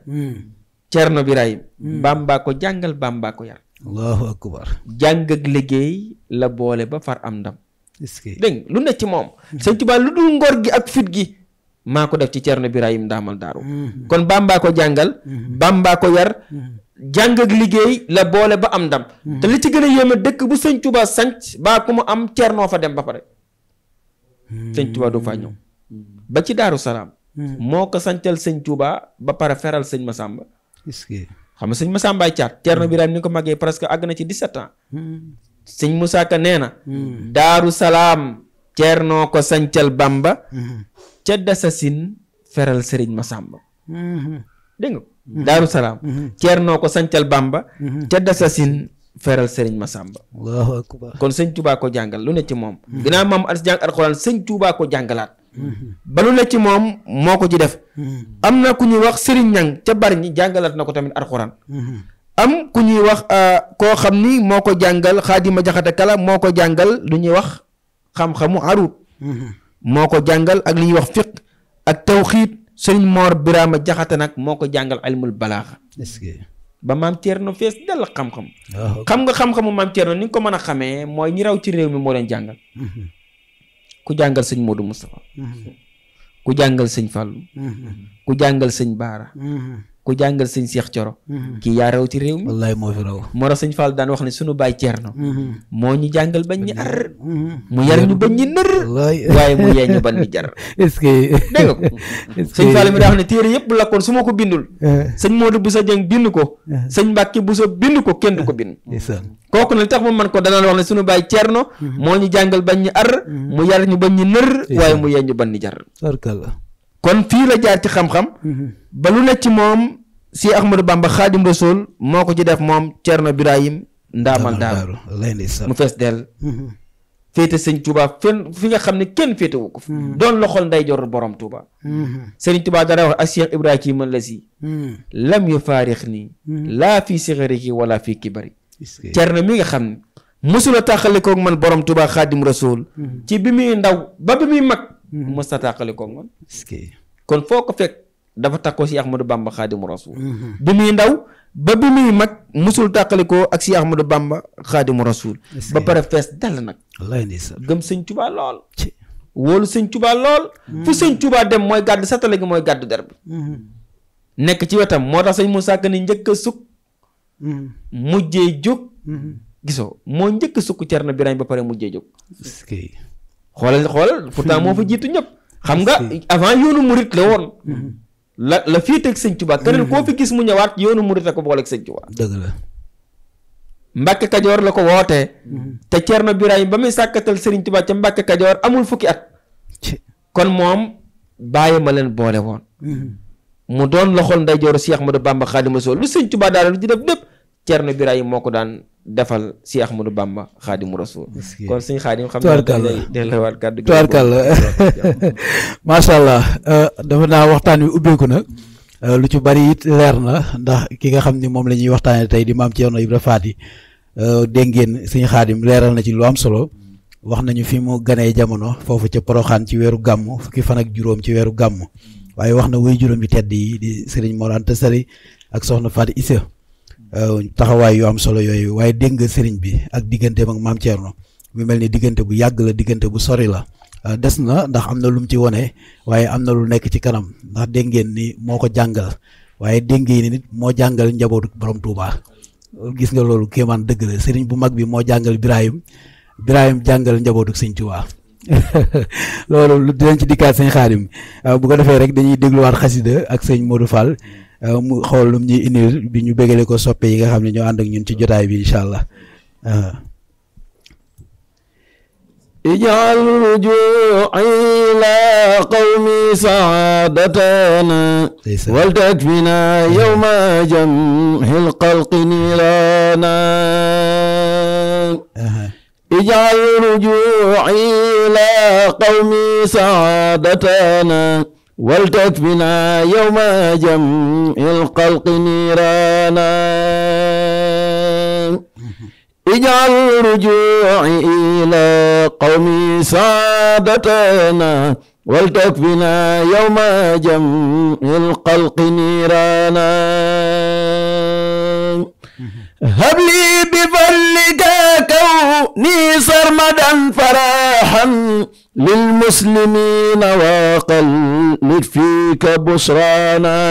Cerno Birahim. Bàmbaa ko jàngal Bàmbaa ko yar. allahu jàng ak liggéey la boole ba far am ndam. est lu ne ci moom. sëñ Tuubaa lu dul ngor gi ak fit gi. maa ko def ci Cerno Birahim Ndaamal Daaru. Mm-hmm. kon Bàmbaa ko jàngal. Mm-hmm. Bàmbaa ko yar. Mm-hmm. jàng ak liggéey la boole ba am ndam. te li ci gën a yéeme dëkk bu sëñ Tuubaa sanc baa ku mu am Cerno fa dem ba pare. sëñ Tuubaa du faa ñëw. ba ci Daaru Salaam. moo ko sancal sëñ Tuubaa ba pare feral sëñ ma est xam nga sëñ Massa Mbaye Thiat Thierno hmm. Birame ni ko màggee presque àgg na ci 17 ans. Hmm. sëñ Moussa Ka nee na. Hmm. Daaru Salaam Thierno ko sancal Bamba. ca Dasasin feral Serigne ma sàmba nga Daaru Salaam. Thierno ko sancal Bamba. ca Dasasin feral Serigne Massamba. waaw kon sëñ Touba ko jàngal lu ne ci moom. ginnaaw maam as jàng alxuraan sëñ Touba ko jàngalaat. ba lu ne ci moom moo ko ci def am na ku ñuy wax Serigne Ñang ca bari ñi jàngalaat na ko tamit alxuraan am ku ñuy wax euh, koo xam ni moo ko jàngal xaadima jaxate kala moo ko jàngal lu ñuy wax xam-xamu moo ko jàngal ak li ñuy wax fiq ak tawxiit sëriñ moor biraama jaxate nag moo ko jàngal ilmul balaaxa ba maam Thierno fees dell xam-xam ah, xam nga xam-xamu maam Thierno ni nga ko mën a xamee mooy ñi raw ci réew mi moo leen jàngal mm-hmm. ku jàngal sëñ Modou Moustapha mm-hmm. ku jàngal sëñ Fallou mm-hmm. ku jàngal sëñ Baara mm-hmm. ku jàngal sëñ Cheikh Thioro mm-hmm. kii yaa raw ci réew mi moo fi raw moo daan wax ne sunu baay Thierno mm-hmm. moo ñu jàngal bañ ñi ar mm-hmm. mu yar ñu bañ waaye mu yee ñu ban ñu jar est-ce que dégg nga ko sëñ yëpp lakkoon su ma ko bindul eh. sëñ Modou Bousso Dieng bind ko eh. sëñ Mbacke Bousso bind ko kenn du ko bind kooku nag tax mu man ko danaan wax ne sunu baay Thierno moo ñu jàngal bañ ñi ar mu yar ñu bañ ñi nër waaye mu yee ñu ban ñu jar kon fii la jaar ci xam-xam ba lu ne ci moom si Ahmadou Bamba Xaadim Rasul moo ko ci def moom Thierno Birahim Ndaamal Daaru mu fees dell mm-hmm. féete sëñ tubaab fenn fi nga xam ne kenn féetewu ko fi mm-hmm. doon loxol nday jor boroom Touba mm-hmm. sëriñ Touba dara wax ak Cheikh Ibrahima la si lam yu faarix nii laa fii sixariki wala fii kibari Thierno mi nga xam ne mosula tàqalikoog man borom Touba Xaadim Rasul ci bi muy ndaw ba bi muy mag mosta tàqalikoog man kon foo ko fekk dafa takkoo si Ahmadou Bamba xaadimu rasul mhm. bi muy ndaw ba bi muy mag musul tàqalikoo ak si Ahmadou Bamba xaadimu rasul ba pare fees dal nag gëm sëñ Tuubaa lool wóolu sëñ Tuubaa lool mhm. fu sëñ Tuubaa dem mooy gàddu satale gi mooy gàddu der bi mhm. nekk ci wetam moo tax sëñ Moussa Ka ni njëkk a sukk mujjee jóg gisoo moo njëkk a sukk Cerno Birahim ba pare mujjee jóg xoolal xoolal pourtant moo fa jiitu ñëpp xam nga avant yoonu murit la woon la la fii teg sëñ Tuubaa keneen mhm. koo fi gis mu ñëwaat yoonu murit a ko booleeg sëñ Tuubaa dëgg Kajoor la ko wootee mhm. te Ceerno Birahim ba muy sàkkatal sëriñ Tuubaa ca mbakk Kajoor amul fukki at kon moom bàyyi ma leen boole woon mhm. mu doon loxol ndeyjooru Seex Ahmadu Bamba Xaadimu Rasuul lu sëñ Tuubaa daal lu ci def lépp Ceerno moo ko daan defal si Ahmadou Bamba xaadimu rasul kon suñ xaadim xam naa day delluwaat kàddu gi tubaarkàlla macha allah euh, dafa naa waxtaan wi ubbeeku na euh, lu ci bari it leer na ndax ki nga xam ni moom la ñuy waxtaanee tey di maam Thierno Ibra Faty euh, dégg ngeen suñu xaadim leeral na ci lu am solo wax nañu fi mu ganee jamono foofu ca Poroxaan ci weeru gàmm fukki fan ak juróom ci weeru gàmm waaye wax na wuy juróom yi tedd yi di sëriñ Mor Anta ak soxna Faty Issa Euh, taxawaay yoo am solo yooyu waaye dégg nga sëriñ bi ak digganteem ak maam Thierno mu mel ni diggante bu yàgg la diggante bu sori la euh, des na ndax am na lu mu ci wone waaye am na lu nekk ci kanam ndax dégg ngeen ni moo ko jàngal waaye dégg ngeen nit moo jàngal njabootu borom Touba gis nga loolu kéemaan dëgg la sëriñ bu mag bi moo jàngal Birahim Birahim jàngal njabootu sëñ Touba loolu dinañ ci dikkaat sëñ Xaadim euh, bu ko defee rek dañuy dégluwaat xasida ak sëñ Modou Fall Euh, mu xool lum ñuy indil bi ñu bëggale ko soppe yi nga xam ne ñoo ànd ak ñun ci jotaay bi incha allah اجعل رجوعي إلى قومي سعادتنا ولتكفنا يوم جمع القلق نيرانا ولتكفنا يوم جمع القلق نيرانا اجعل رجوعي إلى قومي سعادتنا ولتكفنا يوم جمع القلق نيرانا هب لي بفلك كوني سرمدا فراحا للمسلمين وقلد فيك بشرانا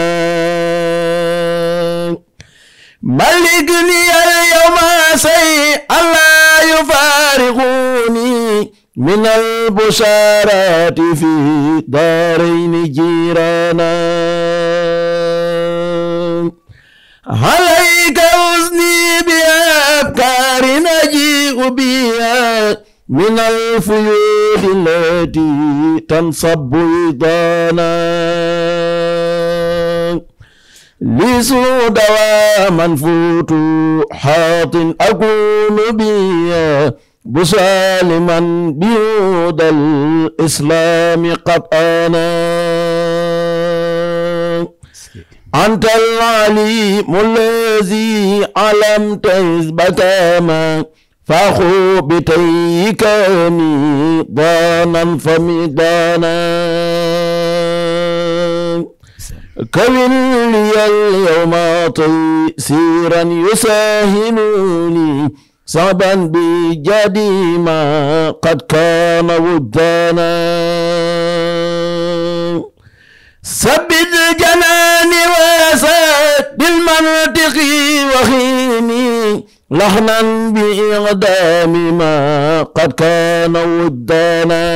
ملكني اليوم سيء لا يفارقوني من البشارات في دارين جيرانا عليك وزني بأفكار نجيء بها من الفيوم الواد الذي تنصب إضانا لسوء دواما فتوحات أكون بي بسالما بيود الإسلام قد أنا أنت العليم الذي علمت إثبتاما فاخو بتيك ميضانا فميضانا كون لي اليوم تيسيرا يساهلني صعبا بجدي ما قد كان ودانا سبد جناني وسد بالمنطق وخيمي لحنا بإقدام ما قد كان ودانا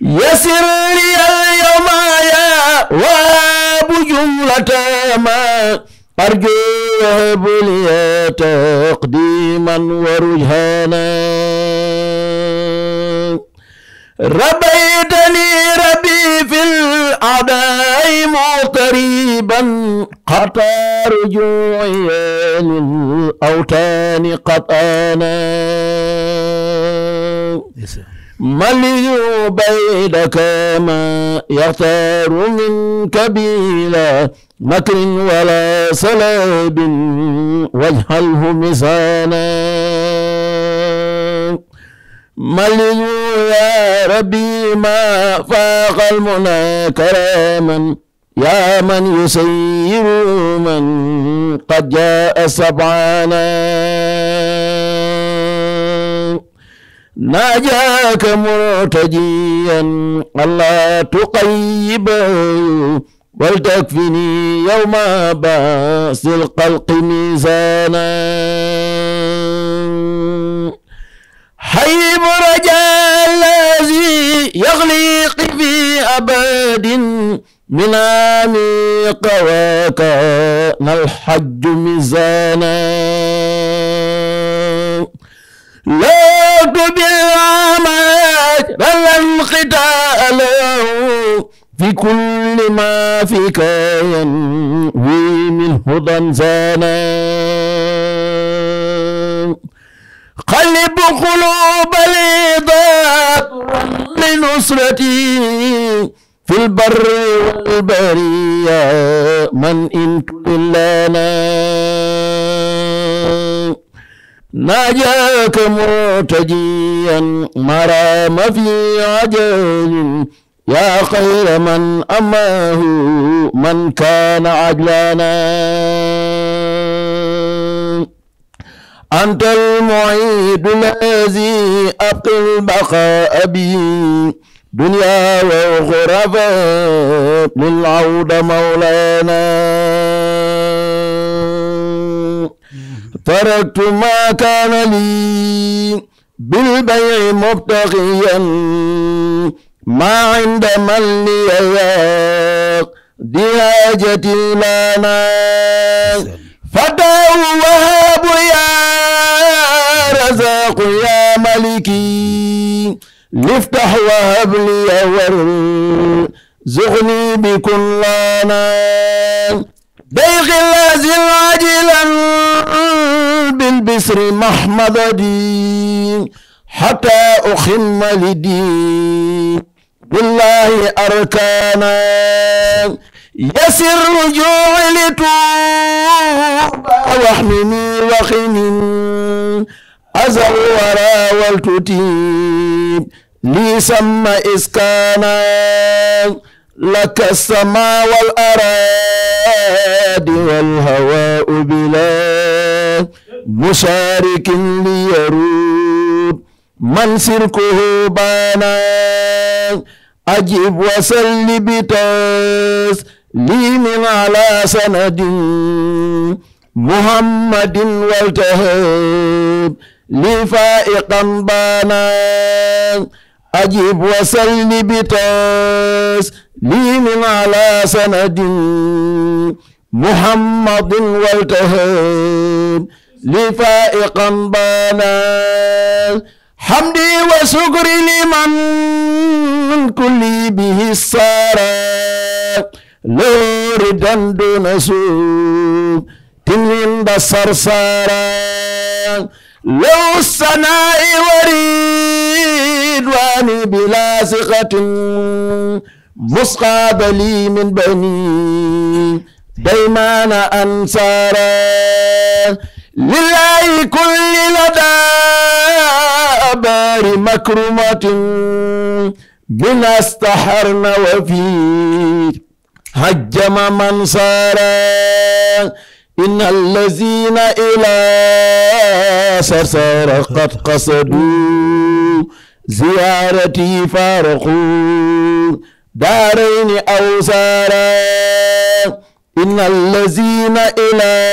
يسر لي اليوم يا واب جملة ما أرجو وهب لي تقديما ورجهانا ربيتني ربي في الأعداء مقريبا حتى رجوعي للأوتان قد أنا ملي بيدك ما يختار من كبيلة مكر ولا سلاب واجعله ميزانا ملي يا ربي ما فاق المنى كراما يا من يسير من قد جاء سبعانا ناجاك مرتجيا الله تقيبه ولتكفني يوم باس القلق ميزانا حيب رجاء الذي يغلق في أبد من عميق وكان الحج ميزانا لا تبع معك بل القتال في كل ما فيك ينوي منه ضنزانا قلب قلوب العباد لنصرتي في البر والبرية من إن لنا ناجاك مرتجيا مرام في عجل يا خير من أماه من كان عجلنا أنت المعيد الذي أقل بقاء بي دنيا وأخرى فاطل العود مولانا تركت ما كان لي بالبيع مبتغيا ما عند من لي دهاجتي لنا فتاه وهاب يا رزاق liftah wahab li warzuqni bi kullanan dayqi lazil ajilan bil bisri mahmadadi hatta ukhimma lidi billahi arkana yasir rujui lituba wahmini waqini azal wara waltutib لي سما إسكانا لك السما والأراد والهواء بلا مشارك ليرود من سركه بانا أجب وسل بتاس لي من على سند محمد والتهب لفائقا بانا أجب وسلني بتسليم على سند محمد والتهب لفائقا بانا حمدي وشكري لمن من كل به السارة لوردا دون سوء تنين بسر سارة لو سناء وريدواني بلا ثقة مسقى بلي من بني ديمان أنصارا لله كل لدى بار مكرمة بنا استحرنا وفي هجم منصارا إن الذين إلى سرسار قد قصدوا زيارتي فارقوا دارين أو سارا إن الذين إلى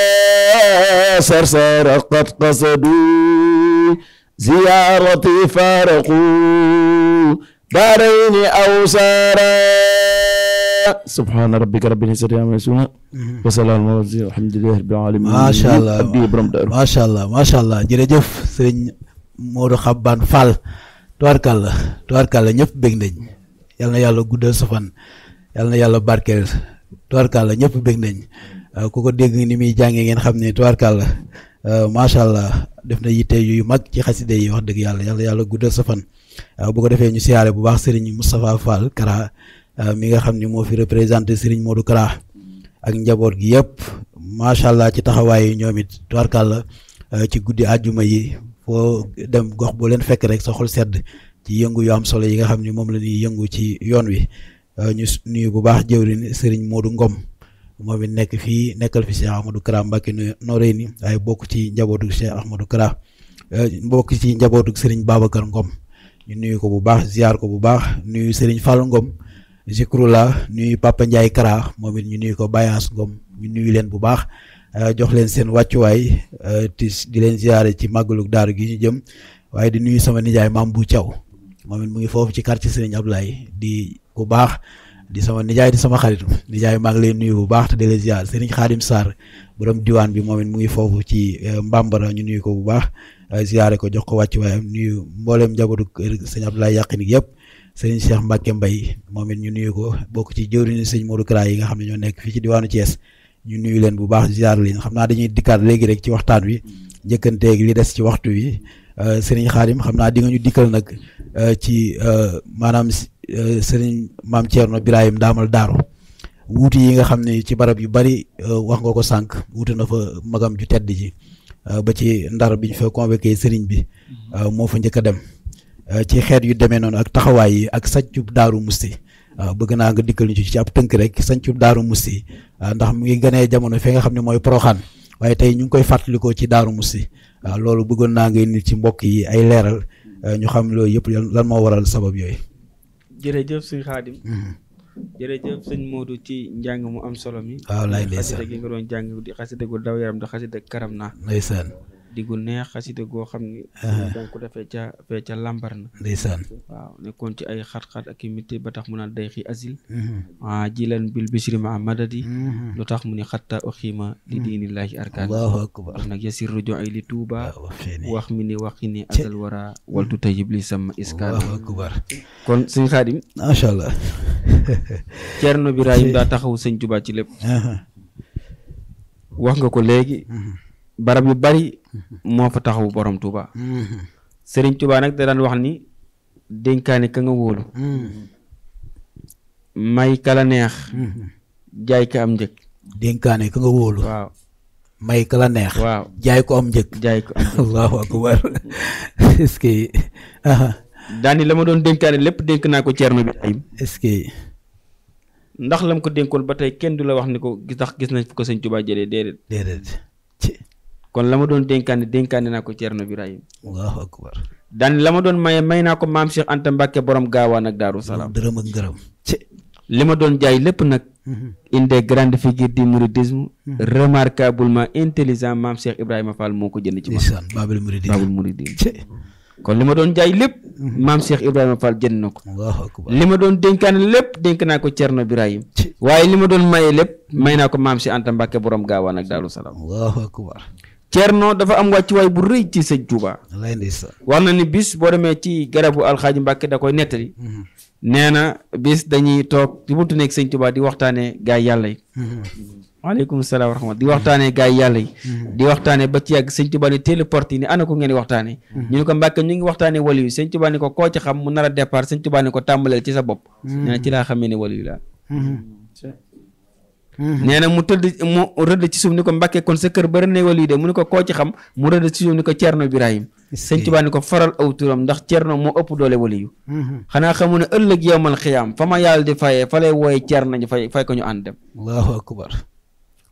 سرسار قد قصدوا زيارتي فارقوا دارين أو سارا subhaana rabbika rabbil izzati ammaa yasifuun wa salaamun alal mursaliin walhamdulillaahi rabbil aalamiin macha allah macha allah macha allah jërëjëf sëriñ Modou Xaban Fall tubaarkàlla tubaarkàlla ñëpp bég nañ yal na yàlla guddal sa fan yal na yàlla barkeel tubaarkàlla ñëpp bég nañ ku ko dégg ni muy jàngee ngeen xam ne tubaarkàlla macha allah def na yitte yu mag ci xaside yi wax dëgg yàlla yal yàlla guddal sa fan bu ko defee ñu siyaare bu baax sëriñ Moustapha Fall Kara Euh, mi nga xam ni moo fi représenté Serigne Modou Kara ak njaboot gi yëpp macha allah ci taxawaay yi ñoom it tubarkàlla euh, ci guddi àjjuma yi foo dem gox boo leen fekk rek sa xol sedd ci yëngu yu am solo yi nga xam ni moom la ñuy yëngu ci yoon wi euh, ñu nuyu bu baax jëwriñ Serigne Modou Ngom moo it nekk fii nekkal fi Cheikh Ahmadou Kara noo nooree ni waaye bokk ci njabootu Cheikh Ahmadou Kara mbokki ci njabootu sëriñ Babacar Ngom ñu nuyu ko bu baax ziar ko bu baax nuyu Serigne Fall Ngom. Zikrullah nuyu Papa Ndiaye Kara moom it ñu nuyu ko Bayance ngoom ñu nuyu leen bu baax euh, jox leen seen wàccuwaay ti euh, di leen ziare ci màggalu daaru gi ñu jëm waaye di nuyu sama nijaay maam bu Thiaw moom it mu ngi foofu ci quartier Serigne Ablaye di bu baax di sama nijaay di sama xarit nijaay maa ngi lay nuyu bu baax te di leen ziare Serigne Khadim Sarr borom diwaan bi moom it mu ngi foofu ci euh, Mbambara ñu nuyu ko bu baax ziare ko jox ko wàccuwaayam nuyu mboolem njabootu Serigne Ablaye Yàqini yëpp. sëriñ Cheikh Mbacke mbay moom it ñu nuyu ko bokk ci jëwriñu sëñ Modou Kara yi nga xam ne ñoo nekk fii ci diwaanu Thiès ñu nuyu leen bu baax ziar leen xam naa dañuy dikkaat léegi rek ci waxtaan wi njëkkanteeg li des ci waxtu wi euh, sëriñ Xaadim xam naa di nga ñu dikkal nag euh, ci euh, maanaam sëriñ maam no Birahim daamal Daaru wuuti yi nga xam ne ci barab yu bari wax nga ko sànq wuute na fa magam ju tedd ji ba ci ndar biñ ñu fa sëriñ bi moo fa njëkk a dem. Euh, ci xeet yu demee noonu ak taxawaay yi ak sancub daaru mussi waaw euh, bëgg naa nga dikkal ñu ci ab tënk rek sancub daaru musti euh, ndax mu ngi gënee jamono fi nga xam ne mooy poroxaan waaye tey ñu ngi koy fàttalikoo ci daaru musti waaw loolu bëggoon naa ci mbokk yi ay leeral ñu xam loolu yëpp lan moo waral sabab yooyu jërëjëf sëñ Xaadim mm-hmm. jërëjëf sëñ Modou ci njàng mu am solo mi waaw lay ndeysaan xasida nga doon jàng di xasida gu daw yaram da xasida karam naa ndeysaan di gu neex xasida goo xam ni donc ah. dafee ca fee ca làmbar na ndeysaan waaw nekkoon ci ay xat-xat ak i ba tax mu naan day xi asil waa mm-hmm. ah, jilan bil bisri ma madadi mm-hmm. lu tax mu ni xatta o xiima li mm-hmm. diinillaahi arkaan allahu akbar nag yasir rujo ay li tuuba wax mi ni waxi ni asal wara waltu tayib li sama iskaan allahu akbar kon sëñ xaadim macha allah ceerno bi raayim daa taxaw ci lépp wax nga ko léegi barab yu bari moo fa taxawu borom Touba. Serigne Touba nag da daan wax ni dénkaane ka nga wóolu. may kala neex. jaay ka am njëg. dénkaane ka nga wóolu. waaw may kala neex. waaw jaay ko am njëg. jaay ko am daani la ma doon dénkaane lépp dénk naa ko Thierno bi ayib. est-ce que. ndax lam ko dénkoon ba tey kenn du la wax ni ko ndax gis nañ fu ko sëñ Touba jëlee déedéet. déedéet. kon la ma doon dénkaane dénkaane naa ko Thierno Birahim allahu la ma doon maye may naa ko maam Anta Mbacke borom gaawaan ak Daaru Salaam dërëm li ma doon jaay lépp nag mhm. une des grandes figures du mhm. intelligent maam Cheikh Ibrahima Fall moo ko jënd ci ma Babul Mouridine Babul ma doon jaay lépp mhm. maam Cheikh Ibrahima Fall jënd na ko li ma doon dénkaane lépp dénk naa ko Thierno Birahim waaye li ma doon maye lépp may naa ko maam Cheikh Anta Mbacke borom gaawaan ak Daaru Cerno dafa am wàccuwaay bu rëy ci sëñ Touba. wax na ni bis boo demee ci garabu alxaaji Mbàkke da koy nettali. Mhm. nee na bis dañuy toog di buntu nekk sëñ Touba di waxtaanee gaay yàlla yi. Mhm. waaleykum salaam wa rahmatulah di waxtaanee gaay yàlla yi. Mhm. di ba ci yàgg sëñ Touba ni téléporte yi ni ana ko ngeen di waxtaanee. ñu ne ko Mbàkke ñu ngi waxtaanee wali yu sëñ Touba ni ko koo ci xam mu nar a départ sëñ Touba ni ko tàmbaleel ci sa bopp. nee na ci laa xamee ne wali yu laa. Mhm. nee na mu tëdd mu rëdd ci suuf ni ko Mbàkke kon sa kër bëri na wali de mu ni ko koo ci xam mu rëdd ci suuf ni ko Cerno Ibrahim sëñ Tuubaa ni ko faral aw turam ndax Cerno moo ëpp doole waliyu mhm. xanaa xamu ne ëllëg yowmal xiyaam fa ma yàlla di fa lay wooye Cerno ñu fay fay ko ñu ànd dem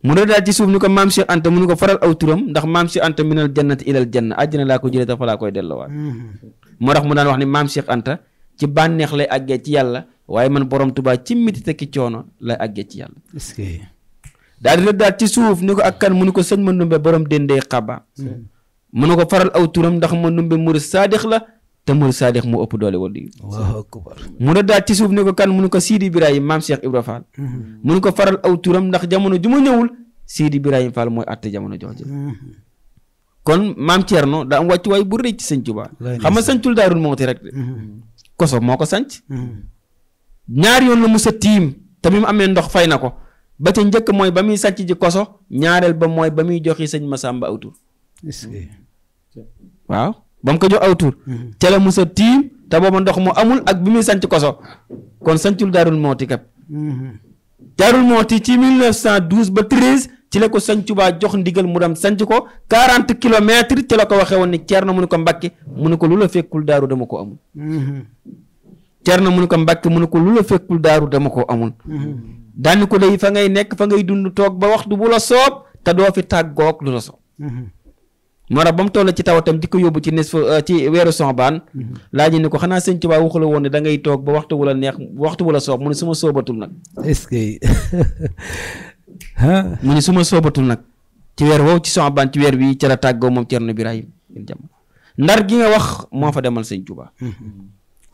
mu rëddaat ci suuf ni ko maam Cheikh Anta mu ni ko faral aw turam ndax maam Cheikh Anta minal jannati ilal janna na laa ko jëlee te fa laa koy delloowaat mhm. moo tax mu daan wax ni maam Cheikh Anta ci bànneex lay àggee ci yàlla waaye man borom tubaa ci metit ak coono lay àggee ci yàlla. est que daal di daal ci suuf ni ko ak kan mu ni ko sëñ ma numbe borom dendee xabaa mu ne ko faral aw turam ndax ma numbe murid saadix la te murid saadix moo ëpp doole wala. waaw mu ne daal ci suuf ni ko kan mu ko Sidi Ibrahima maam Cheikh Ibra Fall. Mhm. mu ko faral aw turam ndax jamono ju ma ñëwul Sidi Ibrahima Fall mooy àtte jamono jooju. Mhm. kon maam Thierno daa am wàccuwaay bu rëy sañ sëñ Tuubaa. xam nga sëñ Tuubaa daarul mooti rek de. Mhm. koso moo ko sanc ñaari yoon la musa tiim te bi mu amee ndox fay na ko ba ca njëkk mooy ba muy sàcc ji koso ñaareel ba mooy ba muy joxi sëñ Masamba awtur waaw ba mu ko jox awtur mm-hmm. ca la musa tiim te booba ndox mu amul ak bi muy sànc koso kon sàncul daarul mooti kat mm-hmm. daarul mooti ci 1912 ba 13 ci la ko sëñ baa jox ndigal mu dem sanc ko 40 kilomètres ci la ko waxee woon ni na mu ne ko Mbàkke mu ne ko lu la fekkul daaru dama ko amul mm-hmm. na mu ne ko Mbàkke mu ne ko lu la fekkul daaru dama ko amul mm-hmm. daani ko day fa ngay nekk fa ngay dund toog ba waxtu bu la soob te doo fi tàggoog lu la soob mm-hmm. moo ba mu toll ci tawatam di yóbbu ci nes euh, ci weeru Soxbaan mm-hmm. laaj ni ko xanaa sëñ Tuubaa waxu woon ne da ngay toog ba waxtu wu neex waxtu wu soob mu ne su ma soobatul nag est-ce que mu ne su ma soobatul nag ci weer wow ci Soxbaan ci weer wi ci la tàggoo moom Cerno Birahim ndar gi nga wax moo fa demal sëñ Tuubaa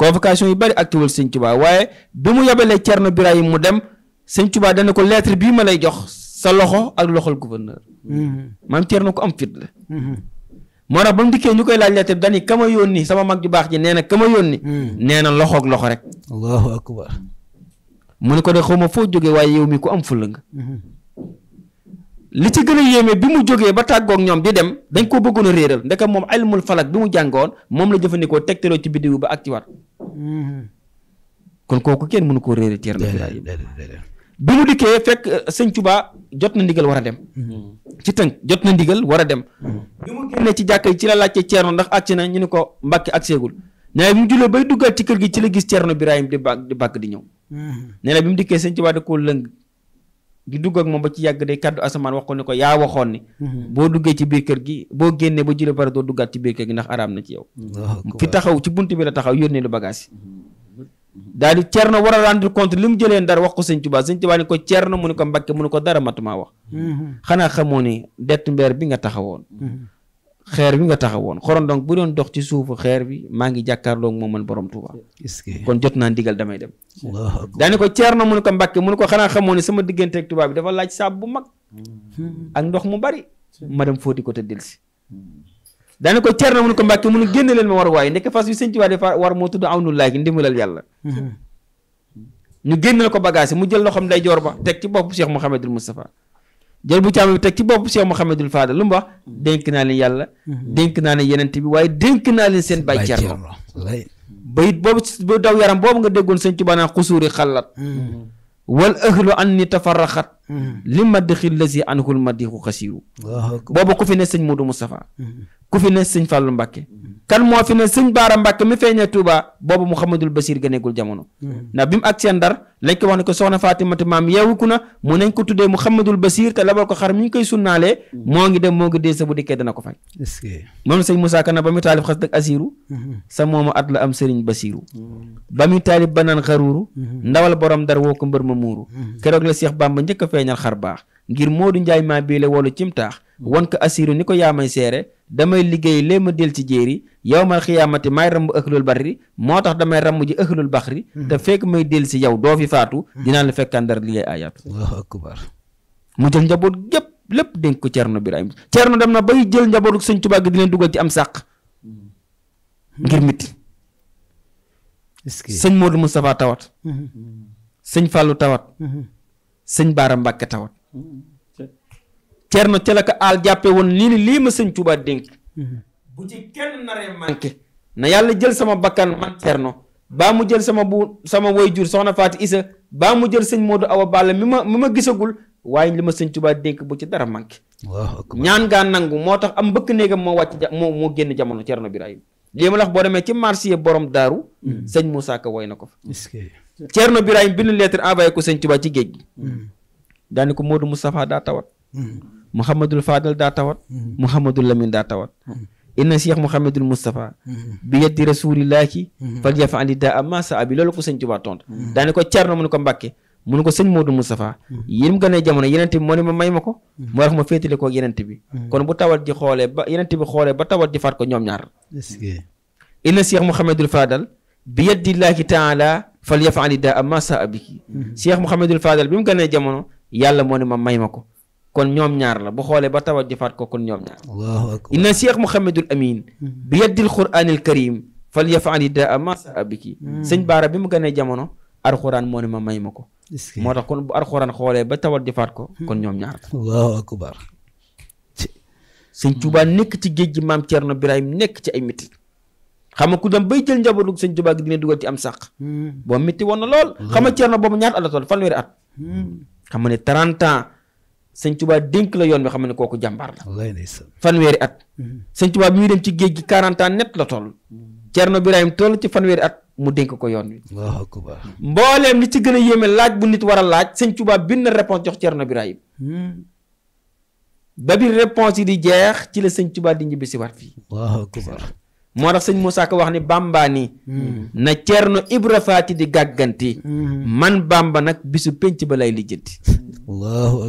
convocation yu bari acté wul sëñ Tuubaa waaye bi mu yabalee Thierno Birahim mu dem sëñ Tuubaa dana ko lettre bii ma lay jox sa loxo ak loxol gouverneur. Mm-hmm. maam Thierno ko am fit la. Mm-hmm. moo tax ba mu koy laaj lettre bi dañuy ka ma sama mag ju baax ji nee na ka ma yónni. Mm. nee na loxoog loxo rek. allahu ne ko de xaw ma foo jóge waaye yow mi ku am fulla nga. Mm-hmm. li ci gën a yéeme bi mu jógee ba tàggoog ñoom di dem dañ koo bëggoona a réeral ndeke moom ilmul falak bi mu jàngoon moom la jëfandikoo tegtaloo ci biddiw ba ak kon kooku kenn mënu koo réere Thierno Birahim bi mu dikkee fekk euh, sëñ Touba jot na ndigal war a dem mm-hmm. ci tënk jot na ndigal war a dem mm-hmm. bi mu génnee ci jàkka yi ci la laajte Thierno ndax àcc na ñu ne ko mbàkke ak seegul nee na bi mu jullee bay duggaat ci kër gi ci la gis ceer Thierno Birahim di bàkk di bàkk di ñëw mm-hmm. nee na bi mu dikkee sëñ Touba da lëng di dugg ak moom ba ci yàgg day kàddu asamaan wax ko ne ko yaa waxoon ni mhm. boo duggee ci biir kër gi boo génnee ba jëlee pare doo duggaat ci biir kër gi ndax araam na ci yow fi taxaw ci bunt bi la taxaw yónnee lu bagage yi mhm. Mhm. daal di Cerno war a rendre compte li mu jëlee dara wax ko sëñ Tuubaa sëñ Tuubaa ni ko Cerno mu ne ko Mbàkke mu ne ko dara matumaa wax xanaa xamoo ne det mbeer bi nga taxawoon xeer bi nga taxawoon xorondong bu doon dox ci suufu xeer bi maa ngi jàkkaarloog moom man borom Touba. kon jot naa ndigal damay dem. daani ko teer mu ne ko Mbàkke mu ne ko xanaa xamoo ne sama digganteeg Touba dafa laaj saab bu mag. ak ndox mu bari. ma dem fóoti ko te delsi daani ko Ceerno mu ne ko Mbàkke mu ne leen ma war waaye ndekk fas yu sëñ Tuubaa dafa war moo tudd aw nu laay ndimbalal yàlla. Hmm. ñu génne ko bagage mu jël loxoom day joor ba teg ci bopp Cheikh Mouhamadul Moustapha jël bu càmm bi teg ci bopp Cheikh Mouhamadul Fadal lu mu wax dénk naa leen yàlla mhm. dénk naa leen yenent bi waaye dénk naa leen seen bàyyi cerno bayit boobu bu daw yaram boobu nga déggoon sëñ Tuubaa naan xusuuri xalat mhm. wal ahlu an ni tafaraxat mhm. li madxi lazi anhul madixu xasiru boobu ku fi ne sëñ Modou Moustapha ku fi ne sëñ Fallou Mbacke kan moo fi ne sëñ Baara Mbacke mi feeñee Touba boobu Mouhamadul Basir gëneegul jamono ndax bi mu ak seen ndar lañ ko wax ne ko soxna Fatimata maam yeewuku na mu nañ ko tuddee Mouhamadul Basir te labal ko xar mi ngi koy sunnaalee moo ngi dem moo ngi dee sa bu dikkee dana ko fay moom sëñ Moussa Kana ba mu taalif xas dëgg Asiru sa moomu at la am sëriñ Basiru ba mu taalif banaan xaruuru ndawal borom dar woo ko mbër ma muuru mm-hmm. keroog la Seex Bamba njëkk a feeñal xar baax ngir Modou Ndiaye maa bii la wolu cim taax wan ko assiru ni ko yaa may seere damay liggéey lee ma del ci jéeri yow ma xiyaamati may ramb ëxlul bari moo tax damay ramb ji ëxlul baxri hmm. te fekk may del si yow doo fi faatu hmm. dinaa la fekkandar li ngay ayaatu mu jël njaboot gépp lépp dénk ko Cerno Birahim Cerno dem na bay jël njabootu Sëñ Tuubaa gi di leen dugal ci am sàq hmm. ngir mit sëñ Modou Moustapha tawat sëñ Fallou tawat sëñ Baara Mbàkke tawat cerno ca la ko aal jàppe woon nii lii ma sëñ Tuubaa dénk bu ci kenn naree manqué na yàlla jël sama bakkan man cerno baa mu jël sama bu sama way jur soxna faati isa baa mu jël sëñ Modou Awa Balla mi ma mi ma gisagul waaye li ma sëñ Tuubaa dénk bu ci dara manqué ñaan ngaa nangu moo tax am mbëkk néegam moo wàcc moo moo génn jamono cerno Birahim lii ma la boo demee ci marché borom daaru mm. sëñ Moussa Ka woy na ko fa cerno Birahim bind lettre envoyé ko sëñ Tuubaa ci géej daani ko Modou Moustapha daa tawat hmm. Mouhamadul Fadal daa tawat hmm. Mouhamadul Lamine daa tawat hmm. inna cheikh Mouhamadul Moustapha bi yetti rasulillahi fal yafaali daa am masa abi loolu ko sëñ Tuubaa tontu daani ko Cerno mu ne ko Mbàkke mu ne ko sëñ Modou Moustapha yéen gën a jamono yenente bi moo ne ma may ma ko moo tax ma féetale ko ak yenente bi kon bu tawat ji xoolee ba yenente bi xoolee ba tawat ji faat ko ñoom ñaar inna cheikh Mouhamadul Fadal bi yeddillahi taala fal yafaali daa am masa abi cheikh Mouhamadul Fadal bi mu gën a jamono yàlla moo ne ma may ma ko kon ñoom ñaar la bu xoolee ba tawal jëfaat ko kon ñoom ñaar inna cheikh mouhamadul amin mm-hmm. bi yeddil quraanil karim fal yafaal daa ma saa biki mm-hmm. sëñ baara bi mu gënee jamono alxuraan moo ne ma may ma ko moo kon bu alxuraan xoolee ba tawat jëfaat ko kon mm-hmm. ñoom ñaar la allahu akbar sëñ nekk ci géej gi maam Thierno Birahim nekk ci ay métti xam nga ku dem bay jël njabootu sëñ Tuubaa gi dina dugal ci am saq boo métti woon na lool xam nga Thierno boobu ñaata at la toll fanweeri at xam ne 30 ans sëñ Tuba dénk la yoon bi xam ne kooku jàmbaar la. fanweeri at. Mm-hmm. sëñ Tuba bi muy dem ci géej gi 40 ans net la toll. Cerno Birahim toll ci fanweeri at mu dénk ko yoon wi. mbooleem li ci gën a yéeme laaj bu nit war a laaj sëñ Tuba bind réponse jox Cerno Birahim. Mm-hmm. ba bi réponse yi di jeex ci la sëñ Tuba di ñibbisiwaat fii. moo tax sëñ Moussa Ka wax ni Bamba nii hmm. na Ceerno Ibra Faati di gàgganti hmm. man Bamba nag bisu pénc ba lay lijjanti allahu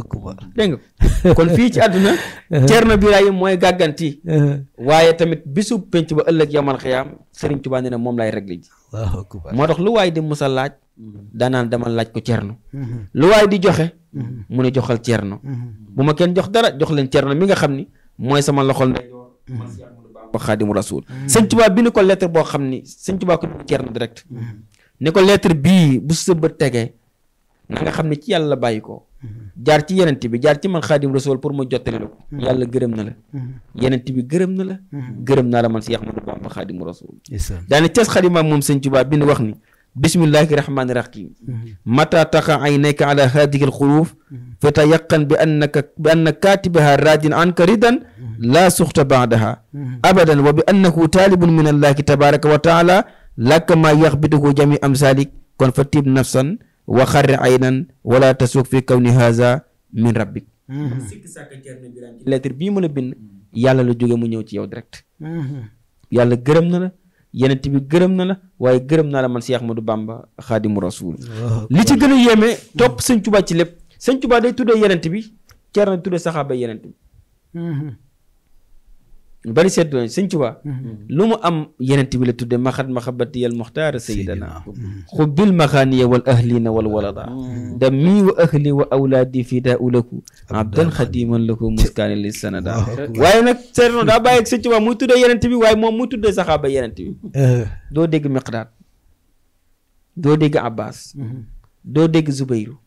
kon fii ci àdduna Ceerno Birahim mooy gàgganti waaye tamit bisu pénc ba ëllëg yamal xiyaam Sëriñ Tuubaa nee na moom lay réglé ji moo tax lu waay di musa laaj hmm. danaan demal laaj ko Ceerno lu waay di joxe mu ne joxal Ceerno bu ma kenn jox dara jox leen Ceerno mi nga xam ni mooy sama loxol ndeyjoor Bamba Xaadimu Rasuul sëñ Tuubaa bi ni ko lettre boo xam ni sëñ Tuubaa ko ceer na direct ni ko lettre bii bu sëba tegee na nga xam ni ci yàlla bàyyi ko jaar ci yenent bi jaar ci man xaadim rasul pour ma jottali la ko yàlla gërëm na la yenent bi gërëm na la gërëm naa la man si Ahmadu Bamba xaadim rasul daane Cees xalimaam moom sëñ Tuubaa bi ni wax ni bismillahi rahmaani rahim mm-hmm. mata taxa aynayka ala hadihi alxuruf mm-hmm. fa tayaqan bi annaka bi anna katibaha radin anka ridan mm-hmm. laa suxta baadaha abadan wa bi annahu taalibun min allahi tabaraka wa taala laka maa yaxbituhu jami am salik kon fa tib nafsan wa xarri aynan wala tasuuk fi kawni haza min rabbik sikk sàkk jërna biram ci lettre bii mën a bind yàlla la jóge mu ñëw ci yow direct yàlla gërëm na la yenenti bi gërëm na la waaye gërëm naa la man Cheikh du Bamba xaadimu rasul li ci gën a yemee topp sëñ Tuubaa ci lépp sëñ Tuubaa day tuddee yenent bi cer na tuddee saxaaba yenent bi mm-hmm. bari seetlu sëñ Tuubaa mm-hmm. Mm-hmm. lu mu am yenent bi la tudde maxat maxabati al muxtaara sayidana mm-hmm. xubbil maxaaniya wal ahlina wal walada dammi wa ahli wa awlaadi fidaa ulaku abdan xadiman lako muskaani li sanada waaye nag seetlu daa bàyyi ak sëñ Tuubaa muy tuddee bi waaye moom muy tuddee saxaaba yenent bi eh. doo dégg miqdaat doo dégg abbas doo dégg zubayru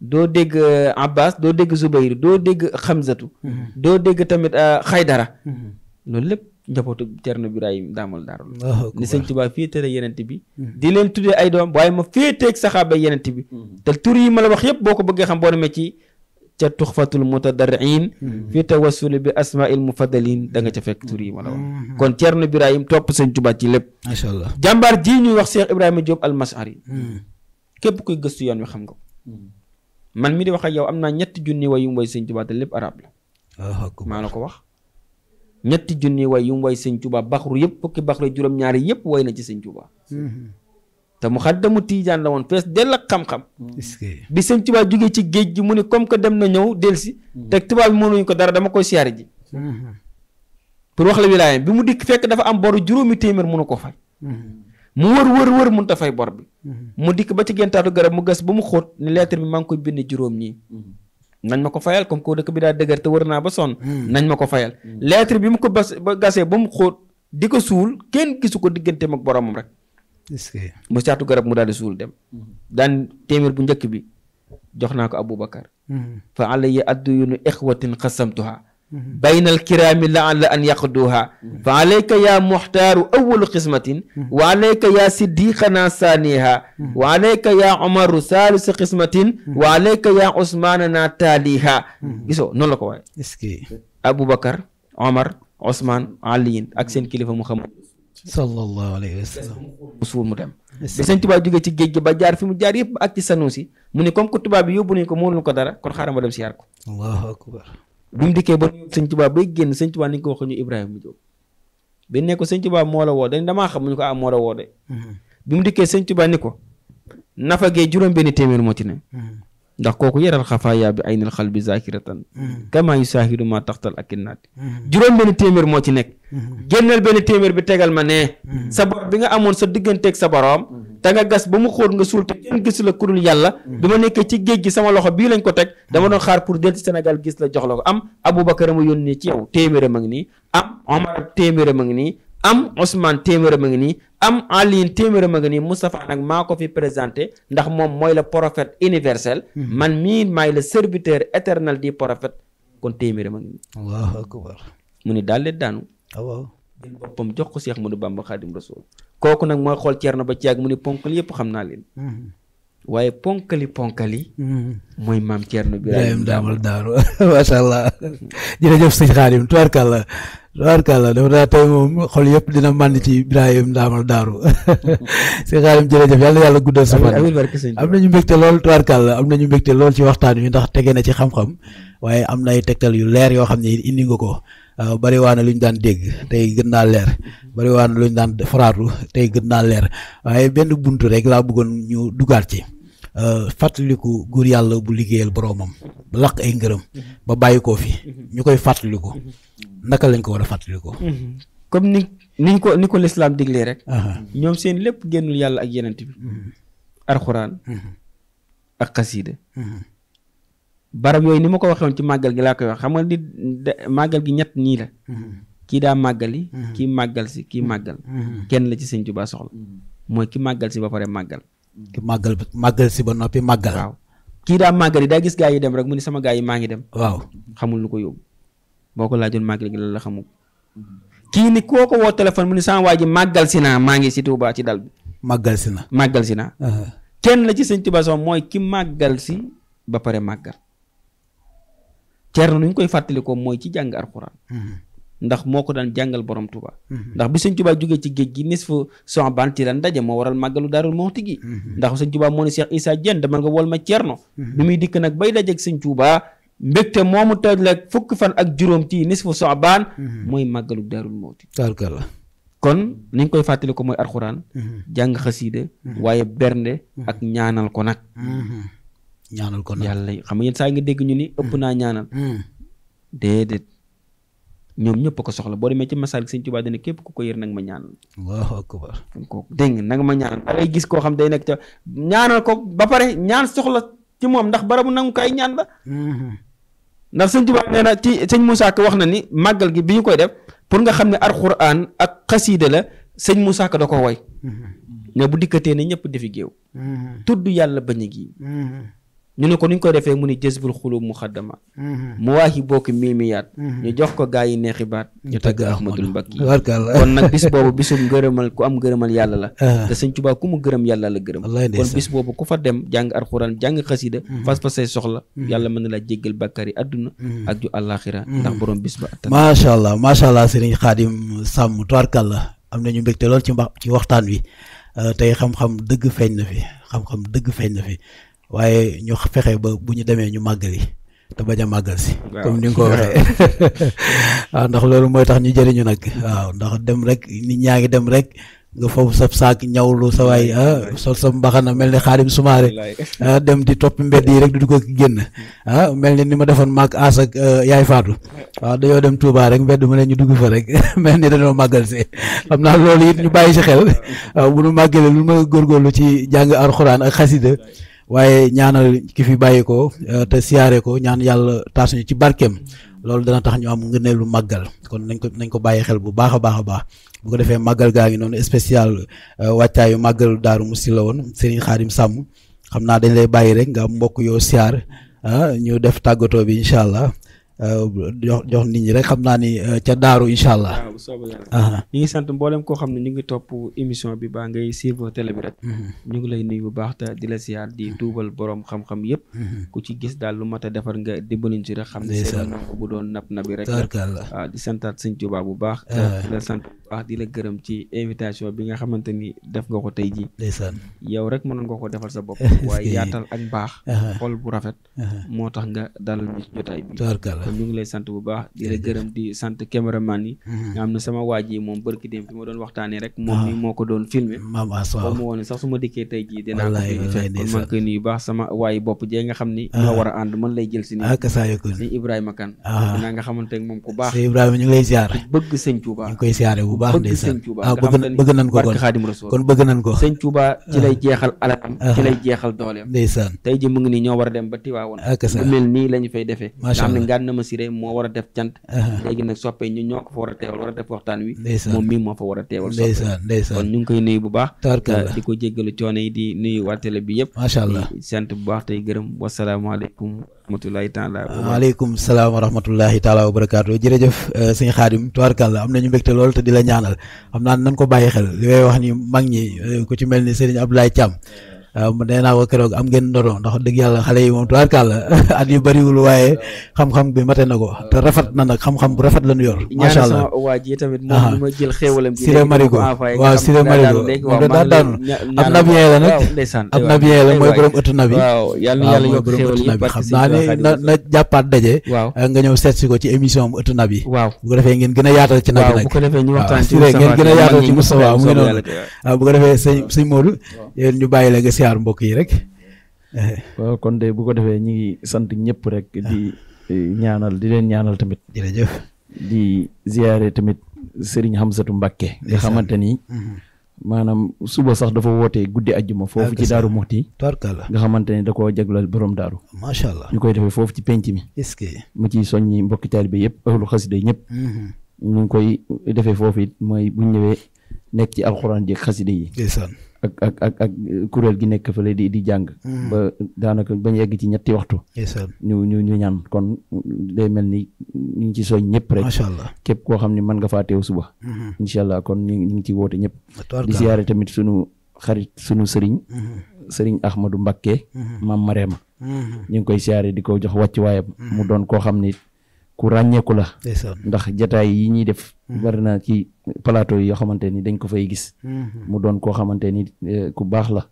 doo dégg eh, abbas doo dégg zubayru doo dégg xamzatu doo dégg tamit eh, xaydara loolu lépp njabootu Cerno Birahim daamal daaru la ni sëñ Tuubaa féetee ak yenent bi mhm. di leen tuddee ay doom waaye ma féetee ak saxaaba yenent bi mhm. te tur yi ma la wax yépp boo ko bëggee xam boo demee ci ca tuxfatul mutadarriin mhm. fi tawassuli bi asmail mufadalin da nga ca fekk tur yi ma la wax kon Cerno Birahim topp sëñ Tuubaa ci lépp macha allah jàmbaar jii ñuy wax Cheikh Ibrahima Diop Almashari képp kuy gëstu yoon wi xam nga man mi di wax a yow am naa ñetti junni wayum way sëñ Tuubaa lépp arab la ko wax ñetti junni way yu mu way sëñ Tuuba baxru yëpp fukki baxru juróom-ñaari yëpp way na ci sëñ Tuuba mm-hmm. te mu xaddamu tiijaan la woon fees dell ak xam-xam bi sëñ Tuuba jógee ci géej gi mu ni comme que dem na ñëw delsi mm-hmm. te tubaab bi mënuñu ko dara dama koy siyaari ji mm-hmm. pour wax la wilaayam bi mu dikk fekk dafa am boru juróomi téeméer mënu ko fay mu wër wër wër mun ta fay bor bi mu dikk ba ci gentaatu garab mu gas ba mu xóot ni lettre bi maa ngi koy bin juróom ñii nañ ma ko fayal comme ko dëkk bi daa dëgër te wër naa ba sonn. Hmm. nañ ma ko fayal. lettre bi mu ko bas ba gasee ba mu xóot di ko suul kenn gisu ko diggante ak boromam rek. est-ce mu saatu garab mu daal di suul dem. Hmm. daan téeméer bu njëkk bi jox naa ko Aboubacar. Hmm. fa alayya adduyunu ixwatin xasamtuha baynal kiraami la an la an yaqduha mm-hmm. fa alayka yaa muxtaaru awalu qismatin mm-hmm. wa alayka yaa siddiqana saaniha mm-hmm. wa alayka yaa omaru saalisa qismatin wa alayka yaa osmaanana taaliha gisoo noonu la ko waaye est-ce que aboubacar omar osman aliyin ak seen kilifa muhammad sallallahu alayhi wa sallam musul mu dem bi sëñ tubaab jógee ci géej gi ba jaar fi mu jaar yëpp ak ci sanuusi mu ne comme que tubaab bi yóbbu nañ ko mënul ko dara kon xaaral ma dem siyaar ko allahu akbar bi mu dikkee ba nuyu sëñ Tuubaa bay génn sëñ Tuubaa ni ko waxee ñu Ibrahima Diop bi nekk ko sëñ Tuubaa moo la woo dañ damaa xam ñu ko am ah moo la woo de. Mhm. bi mu dikkee sëñ Tuubaa ni ko nafa gee juróom-benni téeméer moo ci ne. Mhm. ndax kooku yaral xafaaya bi ay aynil xal bi zakiratan mm-hmm. kama yu saahidu ma taxtal ak naati mm-hmm. juróom benn téeméer moo ci nekk mm-hmm. génneel benn téeméer bi tegal ma ne sa bor bi nga amoon sa digganteeg sa boroom te nga gas ba mu xóot nga suul te kenn gisu la kurul yàlla bi ma nekkee ci géej gi sama loxo bii lañ ko teg dama doon xaar pour del ci Sénégal gis la jox la ko am Aboubacar ma yónnee ci yow téeméeram a ngi nii am Omar téeméeram a ngi nii am Ousmane téeméeram a ngi nii am Alioune téeméeram a ngi nii Moustapha nag maa ko fi présenté ndax moom mooy le prophète universel. Mhm. man mii maay le serviteur éternel du prophète kon téeméeram a ngi nii. waaw akbar mu ni daal leen daanu. Ah, waaw jël boppam jox ko Cheikh Modou Bamba Khadim Rasoul kooku nag mooy xool ceer na ba ci ak mu ni ponkali yëpp xam naa leen. Mhm. waaye ponkali ponkali. Mhm. mooy maam Thierno Birahim Daamal Daaro macha allah jërëjëf sëñ Khadim tubaarkàlla tubaarkàlla dafa daa tey moom xol yëpp dina mànd ci Ibrahima ndaamal daaru si xaalim jërëjëf yàlla yàlla guddal sa fan am nañu mbégte lool tubaarkàlla am nañu mbégte lool ci waxtaan wi ndax tege na ci xam-xam waaye am na ay tegtal yu leer yoo xam ne indi nga ko uh, bari waa na lu ñu daan dégg tey gën naa leer bari waa na lu ñu daan faraatu tey gën naa leer waaye benn bunt rek laa bëggoon ñu dugaat ci uh, fàttaliku guur yàlla bu liggéeyal boroomam ba laq ay ngërëm ba bàyyi koo fi mm-hmm. ñu koy fàttaliku mm-hmm. naka lañ ko war a fàttalikoo. comme ni niñ ko ni ko lislaam diglee rek. ñoom seen lépp génnul yàlla ak yenent bi. Mhm. alxuraan. Mhm. ak xasiida mhm. barab yooyu ni ma ko waxee ci màggal gi laa koy wax xam ni nit màggal gi ñett nii la. kii daa màggali. kii màggal si kii màggal. kenn la ci sëñ Tuubaa soxla. mooy ki màggal si ba pare màggal. ki màggal màggal si ba noppi màggal. waaw kii daa màggali daa gis gaa yi dem rek mu ni sama gaa yi maa ngi dem. waaw xamul lu ko yóbbu. boo ko laajoon màggal gi la la xamul. Mm-hmm. kii ni koo ko woo téléphone mu ni sama waa ji màggal si naa maa ngi si Touba ci dal bi. màggal si na màggal si na. Uh-huh. kenn la ci sëñ Touba Sow mooy ki màggal si ba pare màggal. Ceerno nu koy fàttalikoo mooy ci jàng alxuraan. Mm-hmm. ndax moo ko daan jàngal borom Touba. Mm-hmm. ndax bi sëñ Touba jógee ci géej gi nis fa Soxban ci la ndaje moo waral màggalu Daarul Muxti gi. ndax sëñ Touba moo ne Cheikh Issa Dieng dama nga wol ma Ceerno. bi muy dikk nag bay dajeeg sëñ Touba. mbégte moomu tëjleeg fukk fan ak juróom ci nisfu soobaan. Mhm. mooy màggalu daarul mawti. la kon ni ñu koy fàttali mooy alxuraan. Mhm. jàng xasiide mhm. waaye bernde ak ñaanal ko nag. ñaanal ko nag yàlla xam nga yenn saa nga dégg ñu ni ëpp naa ñaanal. déedéet ñoom ñëpp a soxla boo demee ci masaal gi sëñ képp ku ko yër nag ma ñaanal. waaw akbar dégg nga nag ma gis koo xam day nekk ca ñaanal ko ba pare ñaan soxla ci moom ndax barabu nangu kaay ñaan la. ndax sëñ Tuubaa nee na ci sëñ Moussa Ka wax na ni màggal gi bi ñu koy def pour nga xam ne alxuraan ak xasiida la sëñ Moussa Ka da ko woy ne mm-hmm. bu dikkatee ne ñëpp defi géew mm-hmm. tudd yàlla bañ a gi mm-hmm. ñu ne ko ni ñu koy defee mu ni jësbul xulub muxaddama mhm. mu waax yi bokk miimiyaat mhm. ñu jox ko gaa yi neexi baat ñu tagg ahmadul mbakki kon nag bis boobu bisu ngërëmal ku am ngërëmal yàlla la ah. te sëñ Tuubaa ku mu gërëm yàlla la gërëm kon bis boobu ku fa dem jàng alxuraan jàng xasida mhm. fas fa say soxla yàlla mën na laa jéggal bàkkaar yi àdduna ak ju àllaaxira ndax borom bis ba attan macha allah macha allah sëriñ Xaadim Samb tubaarkàlla am nañu te lool ci mbax ci waxtaan wi euh, tey xam-xam dëgg feeñ na fi xam-xam dëgg feeñ na fi waaye ñu fexe ba bu ñu demee ñu màggali te bañ màggal si. comme ni nga ko waxee waaw ndax loolu mooy tax ñu jëriñu nag. waaw ndax dem rek nit ñaa ngi dem rek. nga foofu sa saak ñawlu sa waay ah sol sa mbaxana mel ni xaadim sumaare ah dem di topp mbedd yi rek du ko génn ah mel ni ni ma defoon maag aas ak euh, yaay faatu waaw dañoo dem Touba rek mbedd mu ne ñu dugg fa rek mel ni dañoo màggal si xam naa loolu it ñu bàyyi si xel waaw ah, bu nu màggalee lu ma góorgóorlu ci jàng alxuraan ak xasida waaye ñaanal ki fi bàyyi ko euh, te siyaare ko ñaan yàlla taas ñu ci barkeem loolu dana tax ñu am lu màggal kon nañ ko nañ ko bàyyi xel bu baax a baax a baax bu ko defee màggal gaa ngi noonu spécial euh, wàccaayu màggalu Daaru Musti la woon Serigne Xaadim Sàmm xam naa dañ lay bàyyi rek nga am mbokk yoo siyaar ah, ñu def tàggatoo bi incha allah Euh, jox jox nit ñi rek xam naa ni euh, ca daaru incha allah. waaw ñu ngi sant mboolem koo xam ne ñu ngi topp émission bi baa ngay suivre télé bi rek. Mhm. ñu ngi lay nuyu bu baax te di la siyaar di mhm. tuubal boroom xam-xam yëpp. Mhm. ku ci gis daal lu mat a defar nga dimbaliñ ci rek. xam ne seen bu doon nap nabi rek. waaw ah, di santaat sëñ Tuubaa bu baax. di la sant bu di la gërëm ci invitation bi nga xamante ni def nga ko tey jii. yow rek mënoon nga ko defal sa bopp. waaye yaatal ak baax. xol bu rafet. moo tax nga dalal ñu jotaay bi. kon ñu ngi lay sant bu baax di la gërëm di sant cameraman yi hmm. nga xam ne sama waaj moom barki dem fi ma doon waxtaanee rek moom ni ah. moo ko doon filmer ba mu woon sax su ma dikkee tey jii dinaa ko man ko nuyu baax sama waayi bopp jee nga xam ni nga ah. war a ànd man lay jël si nii ah, sëñ Ibrahima Kane naa nga xamante moom ku baax sëñ Ibrahima ñu ngi lay ziar bëgg sëñ Touba ñu ngi koy ziare bu baax ndeysaan bëgg nañ ko kon Xaadim Rasul ko sëñ Touba ci lay jeexal alalam ci lay jeexal dooleem ndeysaan tey ji mu ngi nii ñoo war a dem ba Tiwaawoon lu mel nii lañu fay defee Adama Siré moo war a def cant léegi nag soppe ñu ñoo ko fa war a teewal war a def waxtaan wi moom mii moo fa war a teewal soppe kon ñu ngi koy nuyu bu baax di ko jéggalu coono yi di nuyu waa télé bi yëpp macha allah sant bu baax tey gërëm wasalaamaaleykum rahmatullahi taala waaleykum salaam wa rahmatullahi taala wa barakaatu jërëjëf euh, sëñ Xaadim tubaarkàlla am nañu mbégte lool te di la ñaanal xam naa nan ko bàyyi xel li wax ni mag ñi euh, ku ci mel ni Serigne Abdoulaye Thiam nee naa ko keroog am ngeen ndoro ndax dëgg yàlla xale yi moom tubaarkàlla at yu bariwul waaye xam-xam bi mate na ko te rafet na nag xam-xam bu rafet la ñu yor macha allah waa ji tamit moom ma jël xéewalam bi Siré Marigo waaw Siré Marigo moom da daan la nag ab la mooy borom ëttu nabi waaw yàlla mooy borom ëttu na na jàppaat daje ah, nga ñëw seet ko ci émission am ëttu nabi waaw bu ko defee ngeen gën a yaatal ci nabi nag ah, Siré ngeen gën a yaatal ah, defee sëñ sëñ Modou ñu bàyyi la nga siyaar mbokk yi rek. kon de bu ko defee ñu ngi sant ñëpp rek di eh, ñaanal di leen ñaanal tamit. di ziare tamit Serigne Hamsatu Mbacke. nga xamante ni. Mm-hmm. maanaam suba sax dafa wootee guddi ajjuma foofu ci daaru Muxti. tubarkalla nga xamante ne da koo jaglal borom daaru. macha allah ñu koy defee foofu ci penc mi. est-ce que mu ciy soññi mbokki taalibe yëpp ahlu xasida ñëpp. Mm-hmm. ñu ngi koy defee foofu it mooy ñëwee nekk ci alxuraan jeeg xasida yi. ak ak ak ak kuréel gi nekk fële di di jàng. Hmm. ba daanaka bañ yegg ci ñetti waxtu. ñu ñu ñu ñaan kon day mel ni ñu ngi ci soñ ñëpp rek. macha allah képp koo xam ne man nga fa teew suba. Hmm. incha allah kon ñu ngi ci woote ñëpp. di siyaare tamit sunu xarit sunu sëriñ. Hmm. sëriñ Ahmadou Mbakke. maam ma ñu ngi koy siyaare di ko jox wàcc waayam. mu doon koo xam ni ku ràññeeku la. ndax jataay yi ñuy def. bari ci plateau yi yoo xamante ni dañ ko fay gis. Mm-hmm. mu doon koo xamante ni eh, ku baax la.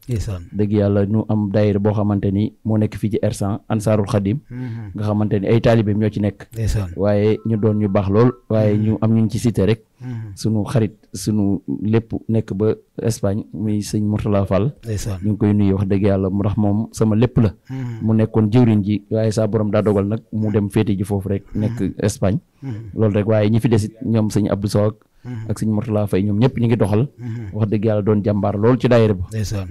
dëgg yàlla ñu am daayira boo xamante ni moo nekk fii ci Hersent Ansaarul Xadim. Mm-hmm. nga xamante ni ay taalibeem ñoo ci nekk. waaye ñu doon ñu baax lool waaye mm-hmm. ñu am ñu ci site rek. Mm-hmm. sunu xarit sunu lépp nekk ba Espagne muy sëñ Mourtala Fall. ñu ngi koy nuyu wax dëgg yàlla mu tax moom sama lépp la. Mm-hmm. mu nekkoon jëwriñ ji waaye saa borom daa dogal nag mu mm-hmm. dem féete ji foofu rek nekk Espagne. loolu rek waaye ñi fi desit ñoom sëñ ab Sow ak sëñ Mourtala Faye ñoom ñëpp ñu ngi doxal. wax dëgg yàlla doon jàmbaar lool ci daayira ba.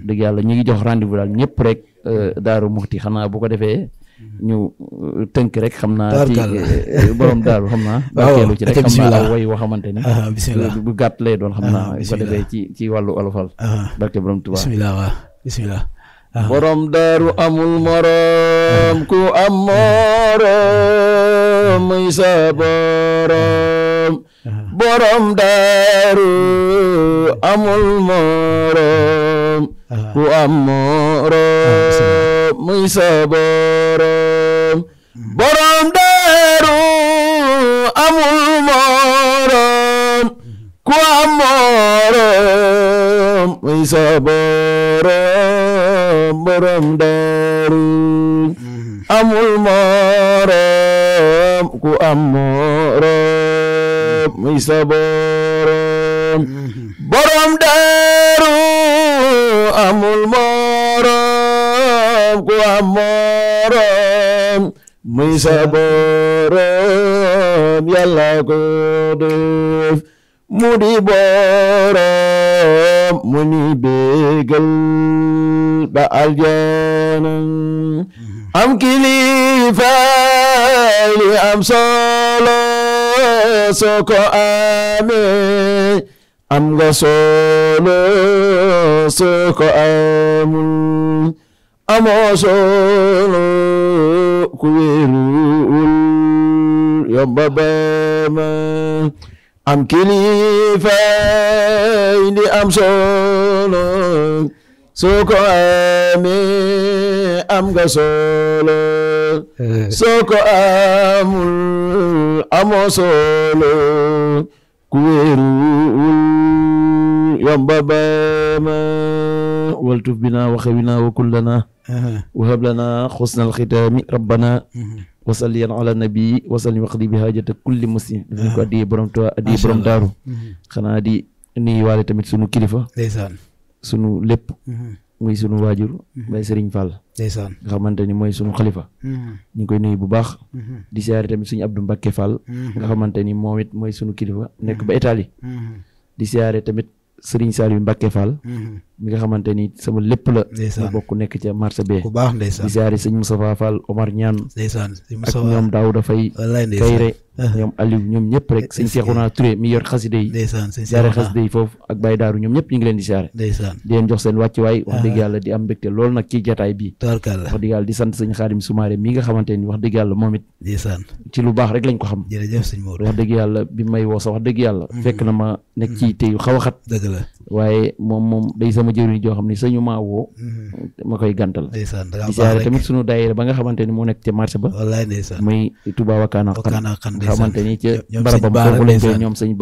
dëgg yàlla ñu ngi jox rendez-vous daal ñëpp rek euh, Daaru Muxti xanaa bu ko defee. Mm-hmm. ñu uh, tënk rek xam naa ci uh, borom daaru xam naa barkeelu ci rek xam naa way woo xamante ni bismillah bu gàtt lay doon xam naa barke borom Tuubaa bismillah waaw daaru amul morom ku am morom muy sa amul morom ku am morom muy amul morom ku am morom muy amul morom ku am morom muy sa borom yàlla ko def mu di borom mu ñu bégal ba aljana am kilifa li am solo ko amee am nga solo ko amul amoo solo ku wéerul yomba bama am kilifa indi am solo soo amee am nga eh. solo amul amoo solo ku wéerul يا بابا والتف بنا وخونا وكلنا وهب لنا حسن الختام ربنا وصلي على النبي وسلم وقضي بحاجة كل مسلم dañ ko addi borom Tuubaa addi borom xanaa di nuyu waale tamit sunu kilifa ndeysaan sunu lépp muy sunu waajur bay Serigne Fall ndeysaan nga xamante ni mooy sunu xalifa ñu ngi koy nuyu bu kilifa nekk ba Italie di siyaare tamit Serigne Saliou Mbacke Fall. Mm-hmm. mi nga xamante ni sama lépp la. ndeysaan mu bokk nekk ca marché bee. ku baax ndeysaan di ziare sëñ Moustapha Fall Omar Niane. ndeysaan ak ñoom daaw dafay. wallaay ndeysaan Uh-huh. ñoom Aliou ñoom ñëpp rek sëñ Seexuna Touré mi yor xasida yi daara xasida yi foofu ak Baye Daaru ñoom ñëpp ñu ngi leen di siyaare di leen jox seen wàccuwaay wax uh-huh. wax dëgg yàlla di sant sëñ Xaadim Soumaré mi nga xamante ni wax dëgg yàlla moom it ci lu baax rek lañ ko xam wax dëgg yàlla bi may woo sa wax dëgg yàlla mm-hmm. fekk na ma nekk ci mm-hmm. teyu xaw a waaye moom moom day sama jëriñ joo xam ne sañu maa woo mm-hmm. ma koy gàntal di siyaare tamit sunu daayira ba nga xamante ni moo nekk ca marché ba wallaay ndeysaan muy Touba Wakana Xan nga xamante ni ca barabam foofu lañ koy ñoom ñoom sëñ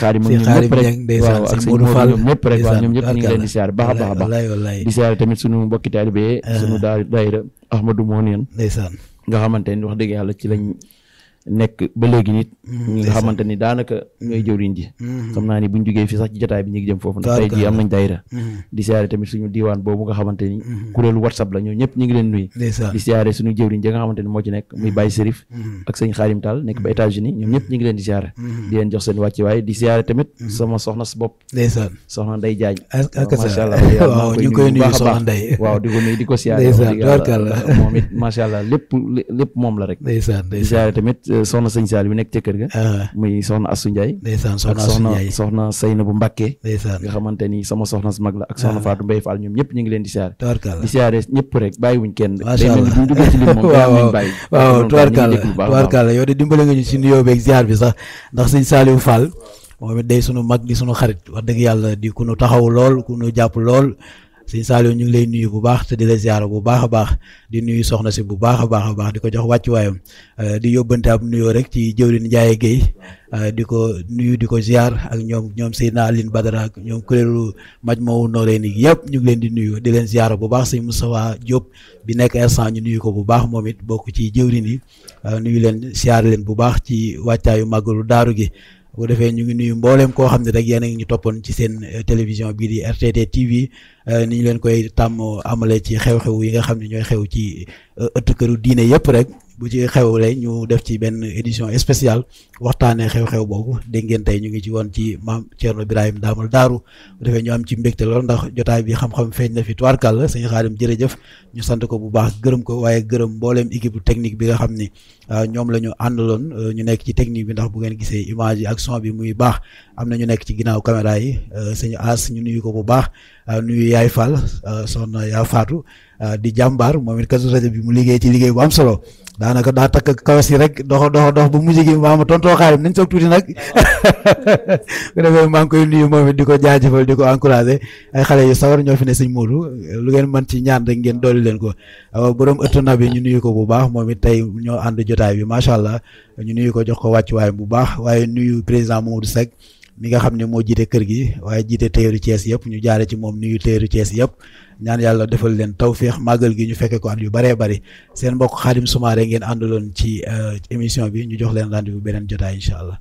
Xaadim ak ñoom ñëpp rek waaw ak sëñ Modou Fall ñëpp rek waaw ñoom ñëpp ñu ngi leen di siyaare baax a baax a baax di siyaare tamit sunu mbokki taalibe eh. sunu daayira Ahmadou Monien ndeysaan nga wax dëgg yàlla ci lañ nekk ba léegi nit mm-hmm. ñi nga xamante ni daanaka mm-hmm. ñooy jëwriñ ji mm-hmm. xam naa ni buñ jógee fi sax ci jotaay bi ñu ngi jëm foofu ndax tey jii am nañ daayira di siyaare tamit suñu diwaan boobu la ñoo ñëpp ñu ngi leen nuyu di ji nga xamante moo ci nekk muy Baye Serif ak sëñ Xaarim nekk ba États-Unis ñoom ñëpp ñu ngi leen di siyaare di leen jox seen wàcc waaye di siyaare tamit sama soxna si ñu koy nuyu waaw di ko nuyu di ko siyaare moom la rek di siyaare tamit Euh, soxna sëñ Saal bi nekk ca kër ga. Ah. muy soxna Assou Ndiaye. ndeysaan soxna Assou Ndiaye ak soxna soxna Seyna bu Mbakke. ndeysaan nga xamante ni sama soxna su mag la ak soxna ah. Fatou Mbaye Fall ñoom ñëpp ñu ngi leen di siyaare. tubarkalla di siyaare ñëpp dimbale nga ñu si nuyoo beeg bi sax ndax sëñ Saliou Fall moom it day mag di sunu xarit wax dëgg yàlla di ku nu lool ku jàpp lool sëñ Saliou ñu ngi lay nuyu bu baax te di la ziyaara bu baax a baax di nuyu soxna si bu baax a baax a baax di ko jox wàccuwaayam euh, di yóbbante ab nuyoo rek ci jëwriñ Ndiaye Guèye euh, di ko nuyu di ko ziyaar ak ñoom ñoom Seydina Aline Badara ak ñoom kuréelu Majmahun Nurayni yëpp ñu ngi leen di nuyu di leen ziyaara bu baax sëñ Moustapha Diop bi nekk instant ñu nuyu ko bu baax moom it bokk ci jëwrin yi euh, nuyu leen ziyaar leen bu baax ci wàccaayu màggalu daaru gi bu defee ñu ngi nuyu mbooleem koo xam ne rek yéen a ngi ñu toppoon ci seen télévision biir di RTT TV Euh, ni ñu leen koy tàmm amale ci xew-xew yi nga xam ne ñooy xew ci euh, ëtt këru diine yëpp rek bu ci xewle ñu def ci benn édition spéciale waxtaanee xew-xew boobu dégg ngeen tey ñu ngi ci woon ci maam Thierno Birahim Daamal Daaru bu defee am ci mbégte lool ndax jotaay bi xam-xam feeñ na fi tuwaarkal la sëñ Xaadim jërëjëf ñu sant ko bu baax gërëm ko waaye gërëm mbooleem équipe technique bi nga xam ni euh, ñoom lañu ñu àndaloon ñu nekk ci technique bi ndax bu ngeen gisee image yi ak son bi muy baax am na ñu nekk ci ginnaaw caméra yi sëñ As ñu nuyu ko bu baax Euh, nuyu Yaay Fall euh, soxna yaa Faatu euh, di jàmbaar moom it kasu rajo bi mu liggéey ci liggéey bu am solo daanaka daa takk kawas yi rek dox dox dox ba mujj gi maama tontoo xaalim nañ soog tuuti nag bu defee maa koy nuyu moom it di ko jaajëfal di ko encouragé ay xale yu sawar ñoo fi ne sëñ Moodu lu ngeen mën ci ñaan rek ngeen dooli leen ko borom ëttu na bi ñu nuyu ko bu baax moom it tey ñoo ànd jotaay bi macha allah ñu nuyu ko jox ko wàccuwaay bu baax waaye nuyu président Mamadou Seck mi nga xam ne moo jiite kër gi waaye jiite téeru Thiès yëpp ñu jaare ci moom nuyu téeru Thiès yëpp ñaan yàlla defal leen tawféex màggal gi ñu fekke ko at yu bëree bëri seen mbokk Khadim Soumaré ngeen àndaloon euh, ci émission bi ñu jox leen rendez-vous beneen jotaay incha allah.